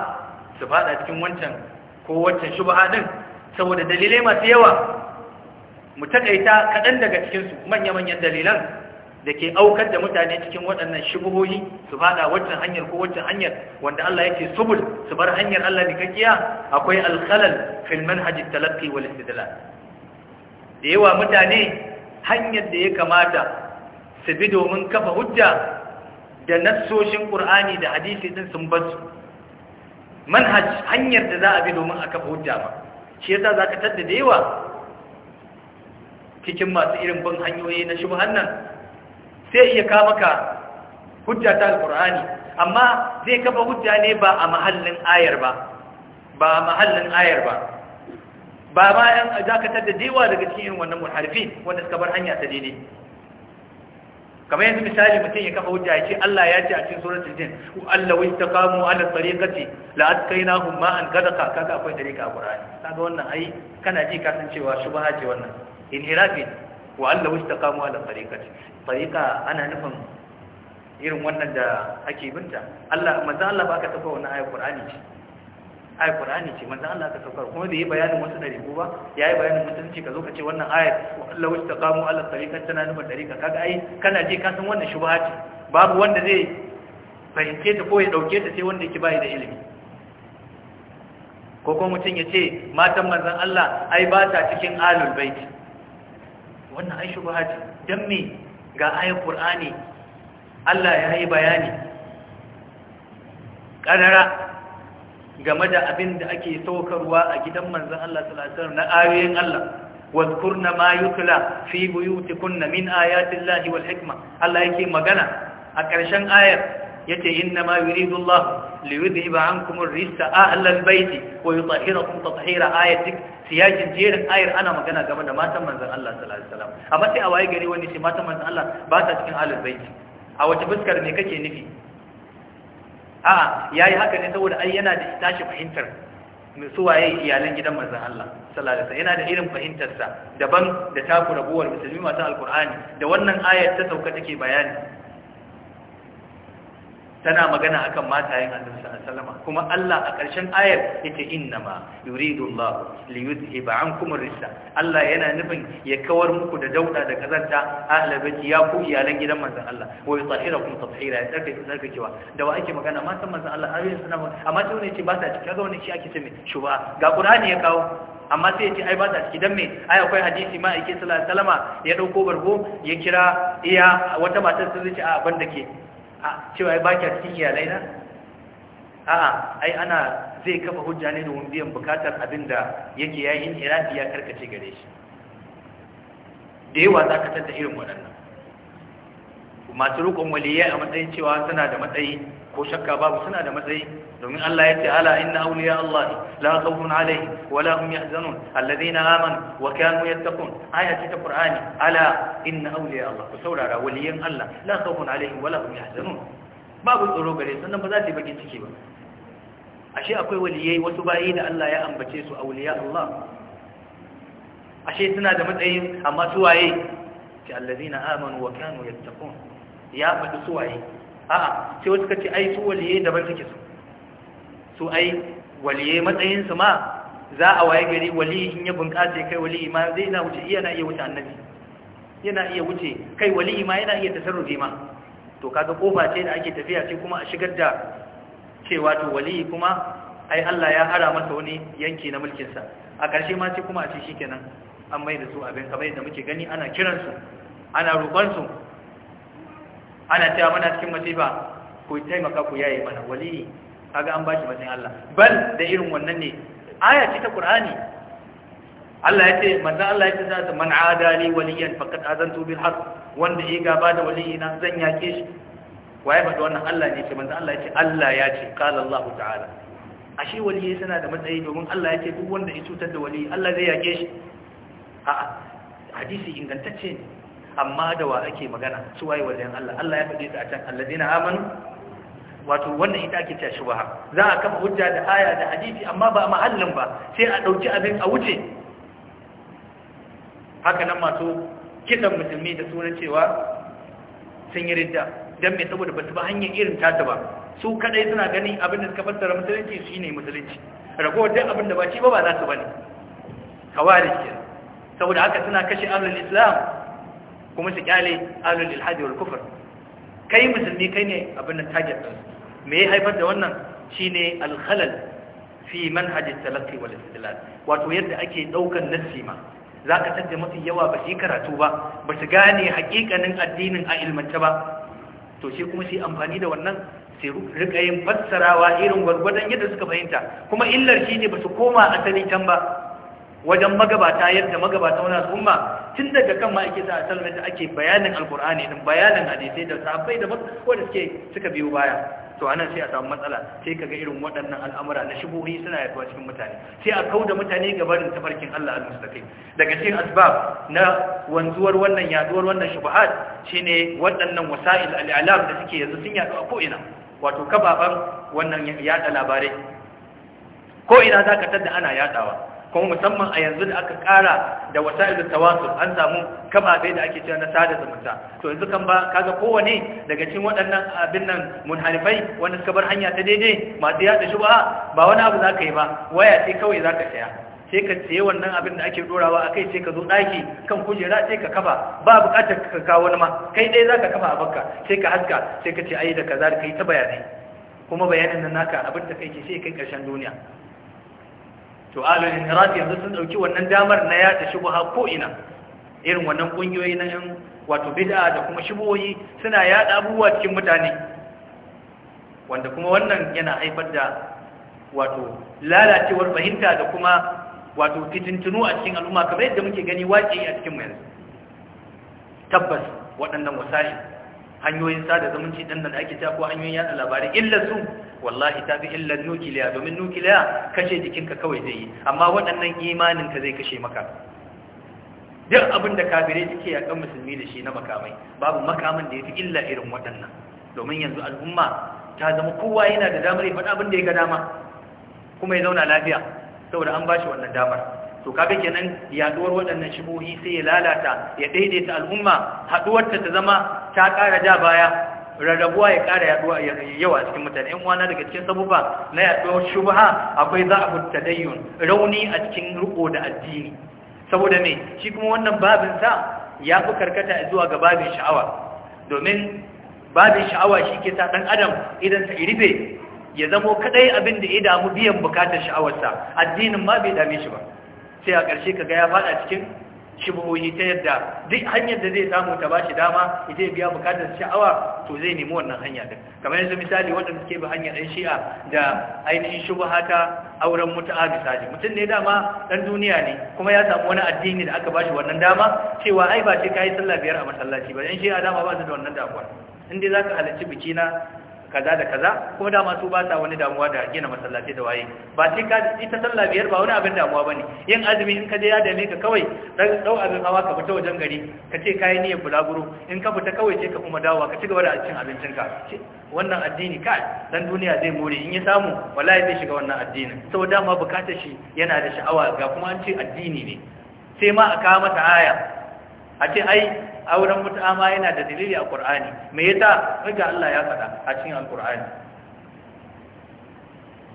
su fada cikin wancan ko wancan shubha din saboda dalilai masu yawa mu takaita kaɗan daga cikinsu manya-manyan dalilan da ke aukar da mutane cikin waɗannan shubuhohi su fada waccan hanyar ko waccan hanyar wanda Allah yake subul su bar hanyar Allah ne kakiya akwai alkhalal fil manhaj talaqqi wal istidlal da yawa mutane hanyar da ya kamata su bi domin kafa hujja da nassoshin Qur'ani da hadisi din sun bar su manhaj hanyar da za a bi domin a kafa hujja ba shi yasa ka tadda da yawa cikin masu irin bin hanyoyi na shi nan sai iya kama ka hujjata hujja ta amma zai kafa hujja ne ba a mahallin ayar ba ba a mahallin ayar ba ba bayan zaka da yawa daga cikin wannan muharrifin wanda suka bar hanya ta daidai kamar yanzu misali mutum ya kafa hujja ya ce Allah ya ce a cikin suratul jin Allah wa istaqamu ala tariqati la ma an kadaka kaga akwai tariqa a Qur'ani kaga wannan ai kana ji ka san cewa shubha ce wannan inhirafi wa Allah wa istaqamu ala tariqati tariqa ana nufin irin wannan da ake binta Allah manzo Allah baka tafa wannan ayat Qur'ani ce ai qur'ani ce manzon Allah ka saukar kuma bai yi bayanin wasu dariku ba yayi bayanin mutunci ka zo ka ce wannan ayat wa istaqamu ala tariqa tana nuna dariqa kaga ai kana je ka san wannan shubha ce babu wanda zai fahimce ta ko ya dauke ta sai wanda yake bai da ilimi ko kuma mutum ya ce matan manzon Allah ai ba ta cikin alul bait wannan ai shubha ce dan me ga ayat qur'ani Allah ya yi bayani kadara game da abinda da ake saukarwa a gidan manzan Allah salatar na ayoyin Allah wadkurna ma yutla fi buyutikunna min ayatillahi wal hikma Allah yake magana a ƙarshen ayar yace inna ma yuridu Allah li yudhiba ankum ar-rijsa ahla al-bayt wa yutahhirakum tatheera ayatik siyajin jerin ana magana game da matan manzan Allah salatu salam amma sai a waye gari wani shi matan manzan Allah ba ta cikin ahlul bayt a wace fuskar me kake nufi a yi haka ne saboda ai yana da tashi fahimtar suwaye iyalan gidan manzon Allah sallallahu yana da irin fahimtarsa daban da taku rabuwar musulmi masu alkur'ani da wannan ayar ta sauka take bayani tana magana akan matayen annabi sallallahu alaihi kuma Allah a ƙarshen ayar yace innama yuridu Allah li yudhhiba ankum ar-rijsa Allah yana nufin ya kawar muku da dauda da kazanta ahla baiti ya ku iyalan gidan manzon Allah wa yutahhirakum tathira ya tsarkake tsarkakewa da wa ake magana matan manzon Allah ayoyin suna amma to ne ce ba ta ciki kaga wannan shi ake ce shuba ga Qur'ani ya kawo amma sai ya ce ai ba ta ciki dan me ai akwai hadisi ma ake sallallahu alaihi wasallama ya dauko bargo ya kira iya wata matar sun ce a banda ke a cewa ya baki a cikin iyalai na a'a ai ana zai kafa hujja ne domin biyan bukatar abin da yake yayin iradi ya karkace gare shi da yawa za ka tattata irin waɗannan masu rukun waliyai a matsayin cewa suna da matsayi ko shakka babu suna da matsayi domin Allah ya ce ala inna awliya Allah la khawfun alaihim wala hum yahzanun alladhina amanu wa kanu yattaqun aya ce ta Qur'ani ala inna awliya Allah ku saurara waliyan Allah la khawfun alaihim wala hum yahzanun babu tsoro gare sannan ba za su yi bakin ciki ba ashe akwai waliyai wasu bayi da Allah ya ambace su awliya Allah ashe suna da matsayi amma su waye ce allazina amanu wa kanu yattaqun ya faɗi su waye a'a sai wasu ka ce ai su waliye daban suke su su ai waliye matsayinsu ma za a waye gari wali in ya bunƙasa kai wali ma zai na wuce yana iya wuce annabi yana iya wuce kai wali ma yana iya tasarrufi ma to kaga kofa ce da ake tafiya ce kuma a shigar da cewa to wali kuma ai Allah ya hara masa wani yanki na mulkin sa a ƙarshe ma ce kuma a ce shikenan an mai da su abin kamar yadda muke gani ana kiransu ana roƙon ana cewa mana cikin masifa ku taimaka ku yaye mana wali kaga an bashi matsayin Allah bal da irin wannan ne aya ce ta Qur'ani Allah ya ce manzo Allah ya ce za man adali waliyan faqad azantu bil haqq wanda ya gaba da waliyina zan yake shi waye faɗi wannan Allah ne ce manzo Allah ya ce Allah ya ce qala Allah ta'ala ashe wali yana da matsayi domin Allah ya ce duk wanda ya cutar da wali. Allah zai yake shi a'a hadisi ingantacce ne amma da wa ake magana su waye wajen Allah Allah ya faɗi ta a can alladina amanu wato wannan ita ake cewa shubha za a kafa hujja da aya da hadisi amma ba a mahallin ba sai a dauki abin a wuce haka nan masu kisan musulmi da sunan cewa sun yi ridda dan me saboda basu ba hanyar irin tata ba su kadai suna ganin abin da suka fassara musulunci shine musulunci ragowar duk abin da ba shi ba ba za su bane kawari kenan saboda haka suna kashe ahlul islam kuma su kyale alul ilhadi wal kufr kai musulmi kai ne abin nan target din me ya haifar da wannan shine al khalal fi manhaj talaqqi wal istidlal wato yadda ake daukan nassi ma zaka tadda mafi yawa ba shi karatu ba ba su gane hakikanin addinin a ilmanta ba to shi kuma shi amfani da wannan sai rika yin fassarawa irin gwargwadon yadda suka fahimta kuma illar shi ne ba su koma asali can ba wajen magabata yadda magabata wani al'umma tun daga kan ma'aiki sa sallallahu da ake bayanin Alkur'ani, din bayanin hadisai da sahabbai da wanda suke suka biyo baya to anan sai a samu matsala sai kaga irin waɗannan al'amura na shubuhi suna yaduwa cikin mutane sai a da mutane gabanin tafarkin Allah al-mustaqim daga cikin asbab na wanzuwar wannan yaduwar wannan shubuhat shine waɗannan wasa'il al'alam da suke yanzu sun yadu a ko ina wato kababan wannan yada labarai ko ina zaka tada ana yadawa kuma musamman a yanzu da aka kara da da tawasul an samu bai da ake cewa na sada zumunta to yanzu kan ba kaga kowane daga cikin waɗannan abin nan munhalifai wanda suka bar hanya ta daidai masu yaɗa shi ba wani abu za ka yi ba waya sai kawai za ka saya sai ka saye wannan abin da ake ɗorawa a kai sai ka zo ɗaki kan kujera sai ka kafa ba buƙatar ka kawo wani ma kai ɗaya za ka kafa a bakka sai ka haska sai ka ce ayi da kaza da kai ta bayanai kuma bayanin nan naka abin da kai ke sai kai ƙarshen duniya to alul inhiraf yanzu sun dauki wannan damar na yada shubha ko ina irin wannan kungiyoyi na yan wato bid'a da kuma shubuhoyi suna yada abubuwa cikin mutane wanda kuma wannan yana haifar da wato lalacewar fahimta da kuma wato fitintunu a cikin al'umma kamar yadda muke gani wake a cikin mu yanzu tabbas waɗannan wasa'i. hanyoyin sada zumunci din nan da ake ta ko hanyoyin yada labarai illa su wallahi ta fi illar nukiliya domin nukiliya kashe jikinka kawai zai yi amma waɗannan imaninka zai kashe maka duk abin da kafirai suke kan musulmi da shi na makamai babu makamin da ya fi illa irin waɗannan domin yanzu al'umma ta zama kowa yana da damar ya faɗa abin da ya ga dama kuma ya zauna lafiya saboda an ba shi wannan damar to kaga kenan yaduwar waɗannan shibohi sai ya lalata ya daidaita al'umma haɗuwarta ta zama ta ƙara ja baya rarrabuwa ya ƙara yaduwa yawa a cikin mutane in wani daga cikin sabuwa na yaɗuwar shubha akwai za a tadayyun rauni a cikin riko da addini saboda me shi kuma wannan babinsa ya fi karkata zuwa ga babin sha'awa domin babin sha'awa shi ke sa ɗan adam idan sa iribe ya zamo kaɗai abin da ya damu biyan bukatar sha'awarsa addinin ma bai dame shi ba sai a ƙarshe ga ya faɗa cikin shibuhoyi ta yadda duk hanyar da zai samu ta bashi dama ita ya biya bukatar sha'awa to zai nemi wannan hanya din kamar yanzu misali wanda suke bi hanyar ɗan shi'a da ainihin shubuha ta auren mutu'a misali mutum ne dama ɗan duniya ne kuma ya samu wani addini da aka bashi wannan dama cewa ai ba sai ka yi sallah biyar a masallaci ba ɗan shi'a dama ba su da wannan damuwar in dai za halarci biki na kaza da kaza kuma dama su ba sa wani damuwa da gina masallaci da waye ba sai ka ita sallah biyar ba wani abin damuwa bane yin azumi in ka je ya dame ka kawai dan dau abin hawa ka fita wajen gari ka ce kai niyyar bulaguro in ka fita kawai ce ka kuma dawowa ka ci gaba da cin abincin ka wannan addini kai dan duniya zai more in ya samu wallahi zai shiga wannan addinin saboda dama bukatar shi yana da sha'awa ga kuma an ce addini ne sai ma a kawo mata aya a ce ai auren mutu'ama yana da dalili a ƙur'ani me yasa ga Allah ya faɗa a cikin al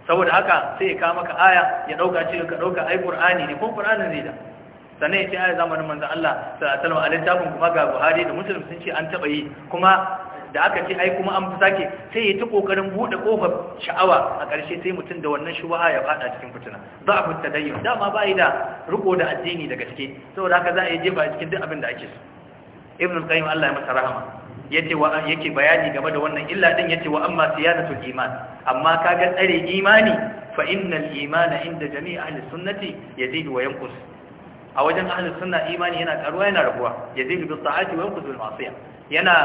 saboda haka sai ya kama ka aya ya ɗauka ce ka ɗauka ai ƙur'ani ne ko ƙur'ani ne da sannan ya ce ai zamanin manzan Allah sallallahu alaihi wasallam a littafin kuma ga Buhari da Muslim sun ce an taɓa yi kuma da aka ce ai kuma an fi sake sai ya ta kokarin bude kofar sha'awa a ƙarshe sai mutum da wannan shubaha ya fada cikin fitina za a fita dayyun dama ba da riko da addini da gaske saboda haka za a yi jefa cikin duk abin da ake so ibn al-qayyim Allah ya masa rahama yace wa yake bayani game da wannan illa din yace wa amma siyadatul iman amma kaga tsare imani fa innal imana inda jami'i ahli sunnati yazidu wa yanqus a wajen ahli sunna imani yana karuwa yana raguwa yazidu bis wa yanqus bil ma'siyah yana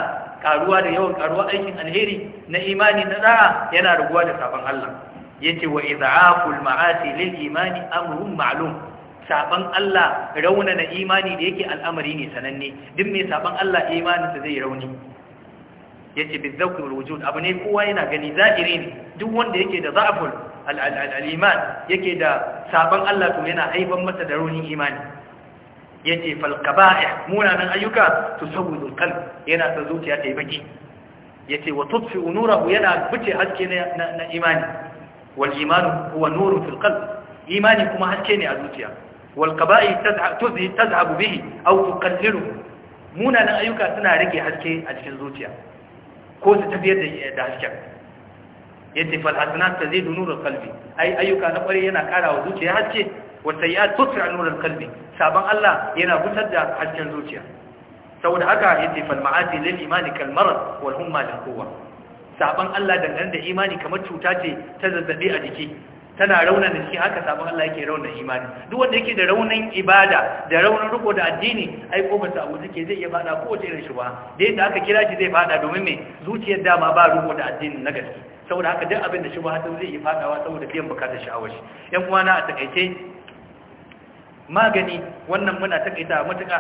karuwa da yawan karuwa aikin alheri na imani na da'a yana raguwa da sabon Allah yace wa idha'aful ma'asi lil imani amrun ma'lum saban Allah rauna na imani da yake al'amari ne sananne duk mai saban Allah imaninsa zai rauni yace bizawq wujud abu ne kowa yana gani zahiri ne duk wanda yake da za'ful al-iman yake da saban Allah to yana haifan masa da raunin imani yace fal qaba'ih munanan ayyuka tusawwidu al-qalb yana ta zuciya ta yi baki yace wa tudfi nurahu yana bice haske na imani wal iman huwa nurun fil qalb imani kuma haske ne a zuciya wal qaba'i tad'abu tad'abu bihi aw tuqallilu munanan ayyuka suna rike haske a cikin zuciya ko su tafiyar da hasken yace fal hasanat tazidu nurul qalbi ai ayyuka na kware yana karawa zuciya haske wa sayyi'at tutfi nurul qalbi sabon Allah yana fitar da hasken zuciya saboda haka yace fal ma'ati lil imani kal marad wal humma lil quwwa sabon Allah dangane da imani kamar cuta ce ta zazzabi a jiki tana raunana shi haka sabon Allah yake raunana imani duk wanda yake da raunin ibada da raunin ruko da addini ai ko ba sabu take zai iya bada kowace irin da yadda aka kira shi zai fada domin me zuciyar dama ba riko da addini na gaske saboda haka duk abin da shuba hatin zai iya fadawa saboda biyan bukatar a shi yan uwana a takaice magani wannan muna takaita mutuka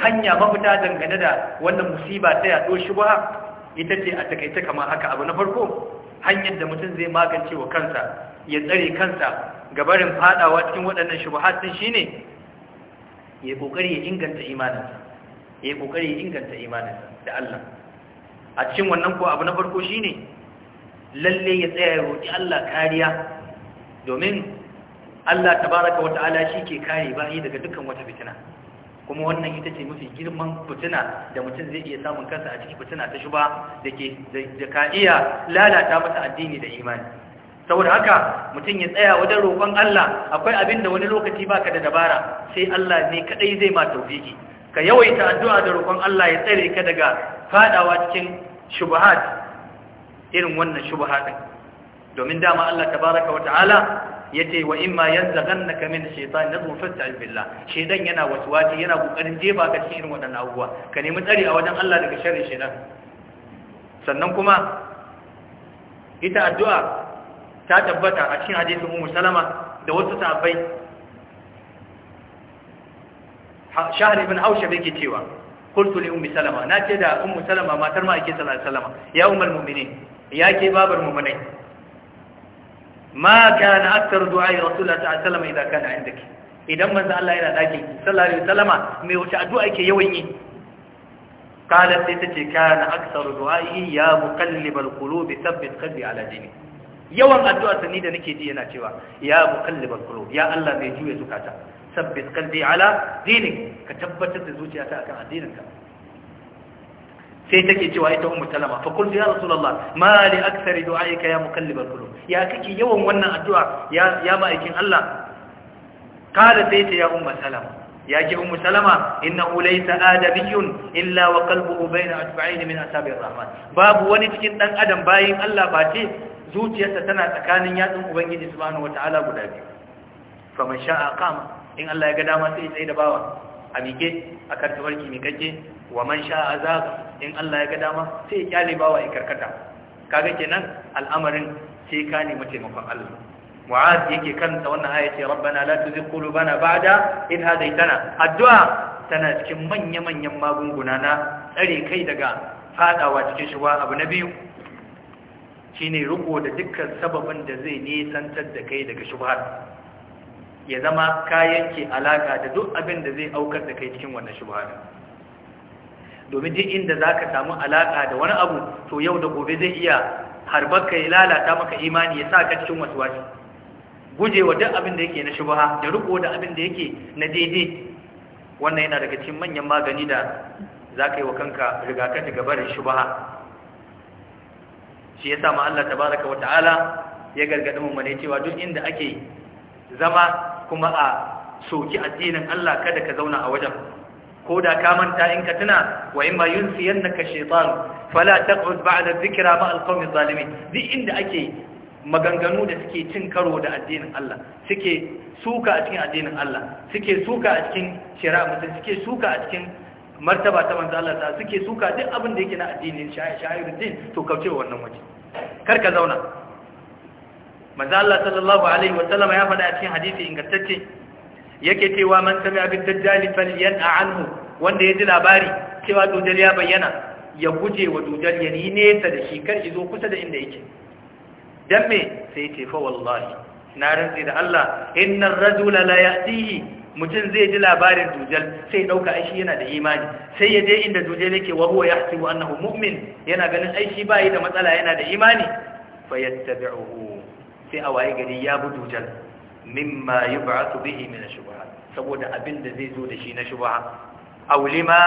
hanya mafita dangane da wannan musiba ta yaɗo shubha ita ce a takaice kamar haka abu na farko hanyar da mutum zai magance wa kansa ya tsare kansa gabarin fadawa cikin waɗannan shubhat din shine ya kokari ya inganta imaninsa ya kokari ya inganta imaninsa da Allah a cikin wannan ko abu na farko shine lalle ya tsaya ya roki Allah kariya domin Allah tabaraka wata'ala shi ke kare bayi daga dukkan wata fitina kuma wannan ita ce mafi girman fitina da mutum zai iya samun kansa a cikin fitina ta shuba da da ka iya lalata masa addini da imani saboda haka mutum ya tsaya wajen roƙon Allah akwai abin da wani lokaci baka da dabara sai Allah ne kadai zai ma ka yawaita addu'a da roƙon Allah ya tsare ka daga fadawa cikin shubuhat irin wannan shubuhat domin dama Allah tabaraka wata'ala Ya ce, wa imma yanzaghannaka min ash-shaytan na fasta'id billah Shaidan yana waswasi yana kokarin jefa ka cikin irin waɗannan abubuwa ka nemi tsari a wajen Allah daga shi nan sannan kuma ita addu'a ta tabbata a cikin hadisi Ummu Salama da wasu sahabbai Shahr ibn Aushab yake cewa qultu li Ummi Salama ce da Ummu Salama matar ma ake sallallahu alaihi wasallam ya ummul mu'minin ya ke babar mu'minai ma kana aktar du'a rasulullah sallallahu alaihi wasallam idan kana indaki idan manzo Allah yana daki sallallahu alaihi wasallama mai wace addu'a yake yawan yi قالت تتي كان أكثر دعائي يا مقلب القلوب ثبت قلبي على ديني yawan addu'a sani da nake ji yana cewa ya muqallibal qulub ya Allah mai juya zukata sabbin qalbi ala dinik ka tabbatar da zuciyata akan addininka sai take cewa ita ummu talama fa qultu ya rasulullah ma li akthari du'aika ya mukallibal qulub ya kake yawan wannan addu'a ya ya ma'aikin Allah kada sai ta ya ummu salama ya ke ummu salama innahu laysa adabiyyun illa wa qalbuhu bayna atba'aini min asabi rahman babu wani cikin dan adam bayin Allah ba ce zuciyarsa tana tsakanin yatsun ubangiji subhanahu wataala guda biyu faman sha'a qama in Allah ya ga dama sai ya tsaya da bawa a miƙe a kan tabarki wa man sha azaba in Allah ya ga dama sai ya kyale bawa ya karkata kaga kenan al'amarin sai ka nemi taimakon Allah mu'az yake kanta wannan aya ce rabbana la tuzigh qulubana ba'da id hadaytana addu'a tana cikin manya-manyan magunguna na tsare kai daga fadawa cikin shuwa abu na biyu shine riko da dukkan sababin da zai nisantar da kai daga shubhar ya zama kayan ke alaka da duk abin da zai aukar da kai cikin wannan shubha domin duk inda za ka samu alaka da wani abu to yau da gobe zai iya harbar ka ya lalata maka imani ya sa ka cikin wasu wasu, guje wa duk abin da yake na shubha da riko da abin da yake na daidai wannan yana daga cikin manyan magani da za ka yi wa kanka rigakafi ga barin shubaha shi ya ma Allah tabaraka wa ta'ala ya gargaɗi mu cewa duk inda ake zama kuma a soki addinin Allah kada ka zauna a wajen ko da ka manta in ka tuna wa imma yunsiyannaka shaytan fala taq'ud ba'da dhikra ma'al qawmi zalimin duk inda ake maganganu da suke cin karo da addinin Allah suke suka a cikin addinin Allah suke suka a cikin shari'a mutum suke suka a cikin martaba ta manzo Allah ta suke suka duk abin da yake na addinin shayar shayar din to kauce wannan waje kar ka zauna Maza Allah sallallahu alaihi wa ya faɗa a cikin hadisi ingantacce yake cewa man sami'a bid dajjal falyan'a anhu wanda ya ji labari cewa dujal ya bayyana ya guje wa dujal ya yi nesa da shi kar izo kusa da inda yake dan me sai ce fa wallahi na rantsi da Allah innar rajula la ya'tihi mutum zai ji labarin dujal sai dauka aishi yana da imani sai ya je inda dujal yake wa huwa yahsibu annahu mu'min yana ganin aishi bai da matsala yana da imani fayattabi'uhu sai a waye gari ya bi dujal mimma yub'athu bihi min ash-shubuhat saboda abin da zai zo da shi na shubha aw lima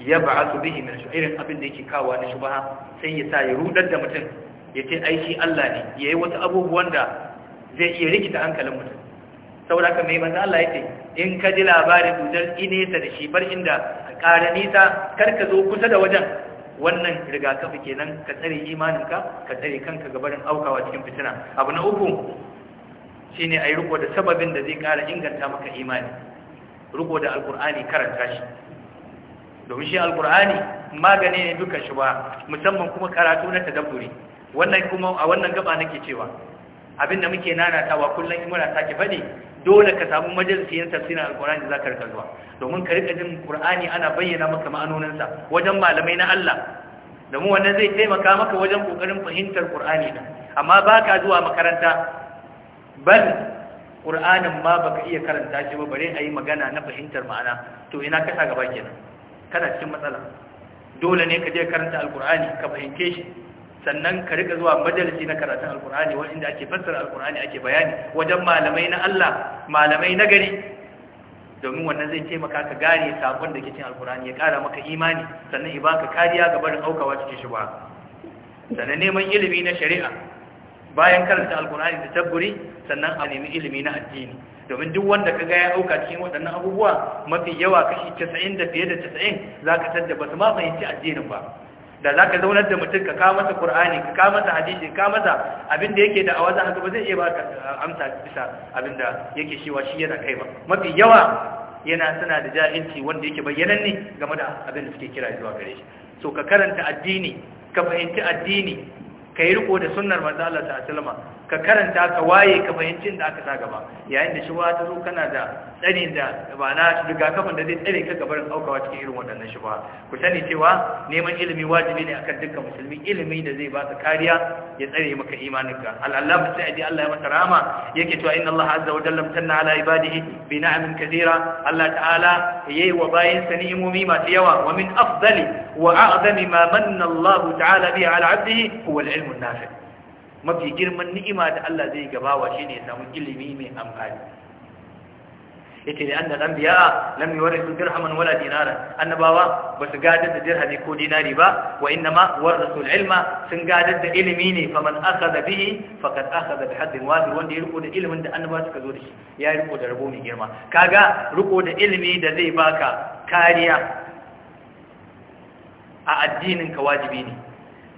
yab'athu bihi min ash irin abin da yake kawo na shubha sai ya sa ya rudar da mutum ya ce ai shi Allah ne yayi wasu abubuwan da zai iya rikita hankalin mutum saboda haka mai manzo Allah yake in ka ji labarin dujal inesa da shi bar inda ƙara nisa kar ka zo kusa da wajen wannan rigakafi kenan ka tsare imaninka ka tsare kanka gabarin aukawa cikin fitina abu na uku shine ayi riko da sababin da zai kara inganta maka imani riko da alkur'ani karanta shi domin shi alkur'ani magani ne duka shi ba musamman kuma karatu na tadabburi wannan kuma a wannan gaba nake cewa Abin da muke wa kullum in muna sake faɗi dole ka samu yin tafsirin alkurani da zaka rika zuwa domin ka rika jin Kur'ani ana bayyana maka ma'anoninsa wajen malamai na Allah domin wannan zai taimaka maka wajen kokarin fahimtar Kur'ani da amma ba ka zuwa makaranta bal Kur'anin ma baka iya karanta shi ba bare yi magana na fahimtar ma'ana to ina ka sa gaba kenan kana cikin matsala dole ne ka je karanta alkur'ani ka fahimce shi sannan ka rika zuwa majalisi na karatun alkur'ani wajen da ake fassara alkur'ani ake bayani wajen malamai na Allah malamai na gari domin wannan zai taimaka ka gane sabon da ke cin alkur'ani ya ƙara maka imani sannan i baka kariya ga barin aukawa cikin shi ba sannan neman ilimi na shari'a bayan karanta alkur'ani da tabburi sannan a nemi ilimi na addini domin duk wanda ka ga ya auka cikin waɗannan abubuwa mafi yawa kashi 90 da fiye da 90 zaka tadda ba su ma fahimci addinin ba da za ka zaunar da mutum ka kawo masa ƙur'ani, ka kawo masa hadisi ka masa abin da yake da a wajen haka ba zai iya baka eh, amsa bisa abin da yake shiwa shi yana kai ba mafi yawa yana suna da jahilci wanda yake bayyanan ne game da abin da suke kira zuwa gare shi so ka karanta addini ka fahimci addini ka yi riko da sunnar manzo Allah ta sallama ka karanta ka waye ka fahimcin da aka sa gaba yayin da shubha ta zo kana da tsari da ba na rigakafin da zai tsare ka gabarin aukawa cikin irin waɗannan shubha ku sani cewa neman ilimi wajibi ne akan dukkan musulmi ilimi da zai baka kariya ya tsare maka imaninka al'allah sa'idi Allah ya masa rama yake cewa inna Allah azza wa jalla tanna ala ibadihi bi na'amin kathira Allah ta'ala yayi wa bayinsa ni'imomi masu yawa wa min afdali wa a'zami ma manna Allah ta'ala bi ala 'abdihi huwa al ilmun nafi mafi girman ni'ima da Allah zai gabawa shi ne samun ilimi mai amfani yace da annal anbiya lam yuwarithu dirhaman wala dinaran annabawa su gadar da dirhami ko dinari ba wa inma warathu ilma sun gadar da ilimi ne faman akhadha bihi faqad akhadha bi haddin wahid wanda ya riko da ilimin da annabawa suka zo da shi ya riko da rabo mai girma kaga riko da ilimi da zai baka kariya a addinin ka wajibi ne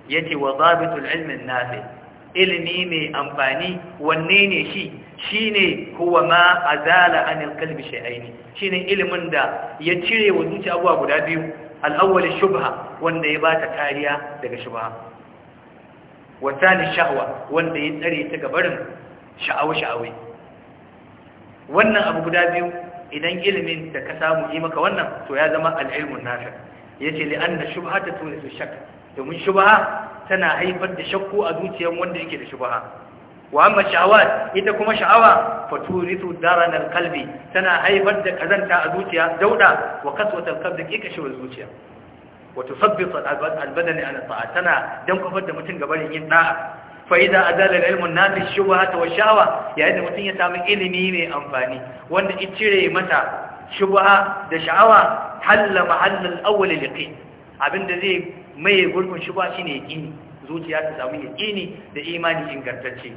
yace wa dhabitul ilmin nafi ilimi mai amfani wanne ne shi shi ne kuwa ma a zala anil kalbi sha'ini shi ne ilimin da ya cire wa zuci abuwa guda biyu al'awwalin shubha wanda ya ba ta kariya daga shubha wasani sha'awa wanda ya tsare ta gabarin sha'awa-sha'awai wannan abu guda biyu idan ilimin da ka samu yi maka wannan to ya zama al'ilmun nafi ya ce li'an da shubha ta tuni su shak domin shubha tana haifar da shakku a zuciyar wanda yake da shubha wa amma sha'awat ita kuma sha'awa faturitu daran alqalbi tana haifar da kazanta a zuciya dauda wa kaswat alqalbi kika shi zuciya wa tusabbit albadan ala ta'at tana dan kofar da mutum gaban yin da'a fa idza adala alilmu nafi shubhat wa sha'awa yayin da mutum ya samu ilimi mai amfani wanda ya cire mata shubha da sha'awa halla mahallal awwal liqi abin da zai maye gurbin shubha shine yaqini zuciya ta samu ne da imani ingantacce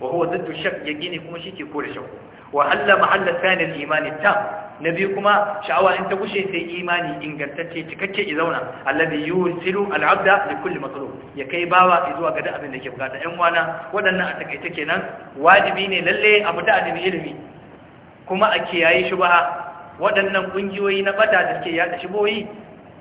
wa huwa ziddu shak yaqini kuma shi ke kore shakku wa halla mahalla thani imani ta na biyu kuma sha'awa in ta gushe sai imani ingantacce cikakke i zauna alladhi yusilu al'abda abda li kulli matlub ya kai bawa zuwa ga abin da yake bukata ɗan wana waɗannan a takaice kenan wajibi ne lalle abu da nemi ilimi kuma a kiyaye ba waɗannan ƙungiyoyi na bada da suke yada boyi.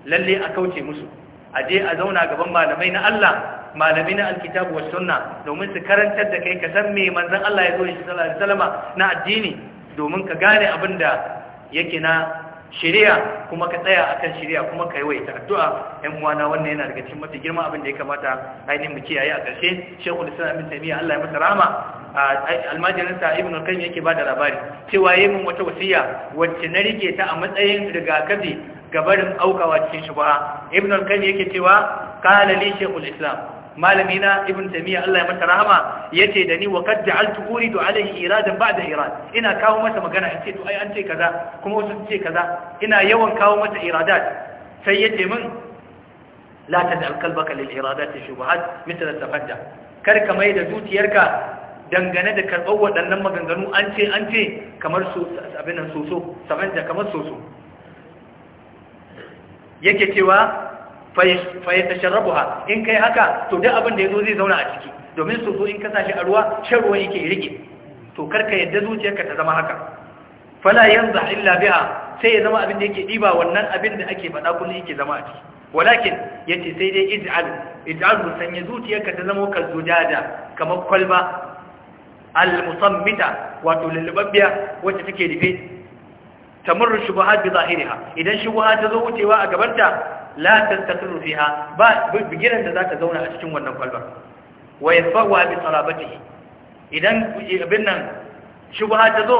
lalle a kauce musu a je a zauna gaban malamai na Allah malamai na alkitabu was sunna domin su karantar da kai ka san me manzon Allah ya zo shi sallallahu alaihi na addini domin ka gane abin da yake na shari'a kuma ka tsaya akan shari'a kuma ka yawaita addu'a ɗan na wannan yana daga cikin mafi girma abin da ya kamata ainihin mu kiyaye a ƙarshe Sheikh Al-Islam Ibn Allah ya masa rahama almajirin sa Ibn Qayyim yake bada labari cewa yayin mun wata wasiya wacce na rike ta a matsayin rigakafi gabarin aukawa cikin shubha ibn al kani yake cewa qala li shaykhul islam malamina ibn tamiya Allah ya mata rahama yace da ni wa qad ja'altu uridu alayhi iradan ba'da irad ina kawo mata magana in ce to ai an ce kaza kuma wasu ce kaza ina yawan kawo mata iradat sai yace min la tad'al qalbaka lil iradat shubuhat mithla tafadda kar ka mai da zuciyarka dangane da karɓar waɗannan maganganu an ce an ce kamar so abin soso saban da kamar soso yake cewa fayatasharrabuha in kai haka to duk abin da ya zo zai zauna a ciki domin su zo in ka shi a ruwa shan ruwan yake rike to karka yadda zuciyarka ta zama haka fala yanza illa biya, sai ya zama abin da yake diba wannan abin da ake faɗa kullum yake zama a ciki walakin yace sai dai ij'al ij'al sanya zuciyarka ta zama kalzujada kamar kwalba al-musammita wato lullubabbiya wacce take rufe tamurru shubuhat bi zahiriha idan shubuha ta zo wucewa a gabanta la tastatiru fiha ba bigiran da zaka zauna a cikin wannan kwalbar wa yasfawa bi salabatihi idan abin nan shubha ta zo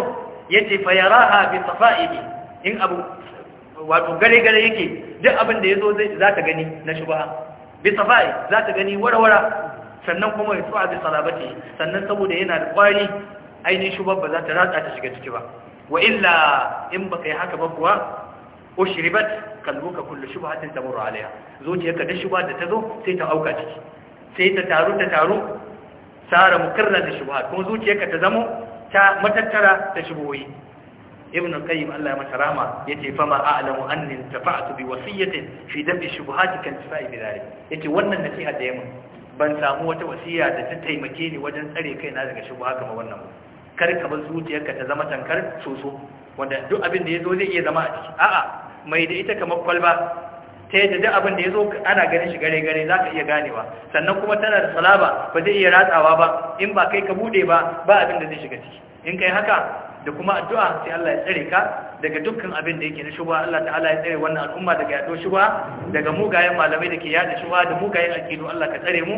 yace fa yaraha bi safaihi in abu wato gare gare yake duk abin da yazo zai zaka gani na shubha bi safai zaka gani wara-wara, sannan kuma yasfawa bi salabatihi sannan saboda yana da kwari ainihin shubha ba za ta ratsa ta shiga ciki ba wa illa in baka yi haka ba kuwa ushribat kalbuka kullu shubhatin tamurru alaiha zuciyarka da shubha da ta zo sai ta auka ciki sai ta taru ta taru sara mukarrar da shubha kuma zuciyarka ta zamo ta matattara ta shuboyi ibn qayyim Allah ya masa rahma yace fa ma a'lamu anni tafa'tu bi wasiyatin fi dafi shubuhati kan tifa'i bidari yace wannan nasiha da yamin ban samu wata wasiya da ta taimake ni wajen tsare kaina daga shubha kamar wannan ba kar ka bar zuciyarka ta zama tankar soso wanda duk abin da ya zo zai iya zama a ciki a'a mai da ita kamar kwalba ta yadda duk abin da ya zo ana ganin shi gare gare za ka iya ganewa sannan kuma tana da salaba ba zai iya ratsawa ba in ba kai ka bude ba ba abin da zai shiga ciki in kai haka da kuma addu'a sai Allah ya tsare ka daga dukkan abin da yake na shuba, Allah ta'ala ya tsare wannan al'umma daga ya'ɗo shuba, daga mugayen malamai da ke yada shubha da mugayen aqidu Allah ka tsare mu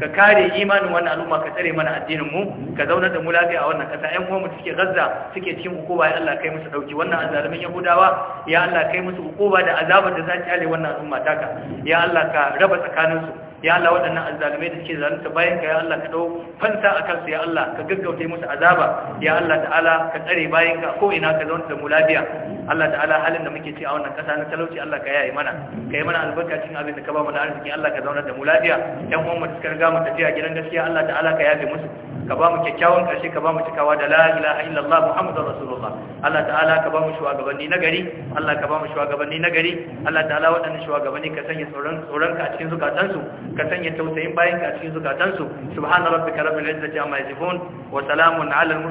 ka kare imanin wannan al'umma ka tsare mana addinin mu ka zauna da mu lafiya a wannan ƙasa. Yan uwanmu suke Gaza suke cikin hukuma ya Allah kai musu dauki wannan azalimin Yahudawa ya Allah kai musu hukuma da azabar da za ta ale wannan al'umma taka ya Allah ka raba tsakaninsu ya Allah waɗannan azzalumai da suke zalunta bayan ka ya Allah ka dau fanta akan su ya Allah ka gaggauta musu azaba ya Allah ta'ala ka tsare bayan ka ko ina ka zauna da mu lafiya Allah ta'ala halin da muke ci a wannan kasa na talauci Allah ka yaye mana ka yi mana albarka cikin abin da ka ba mu na arziki Allah ka zauna da mu lafiya yan uwan mu da suka riga mu tafiya gidan gaskiya Allah ta'ala ka yafe musu ka ba mu kyakkyawan karshe ka ba mu cikawa da la ilaha illallah muhammadur rasulullah Allah ta'ala ka ba mu shugabanni na gari Allah ka ba mu shugabanni na gari Allah ta'ala waɗannan shugabanni ka sanya tsoron tsoron ka cikin zukatansu ka sanya tausayin bayan ka cikin zukatansu subhana rabbika rabbil izzati amma yasifun wa salamun ala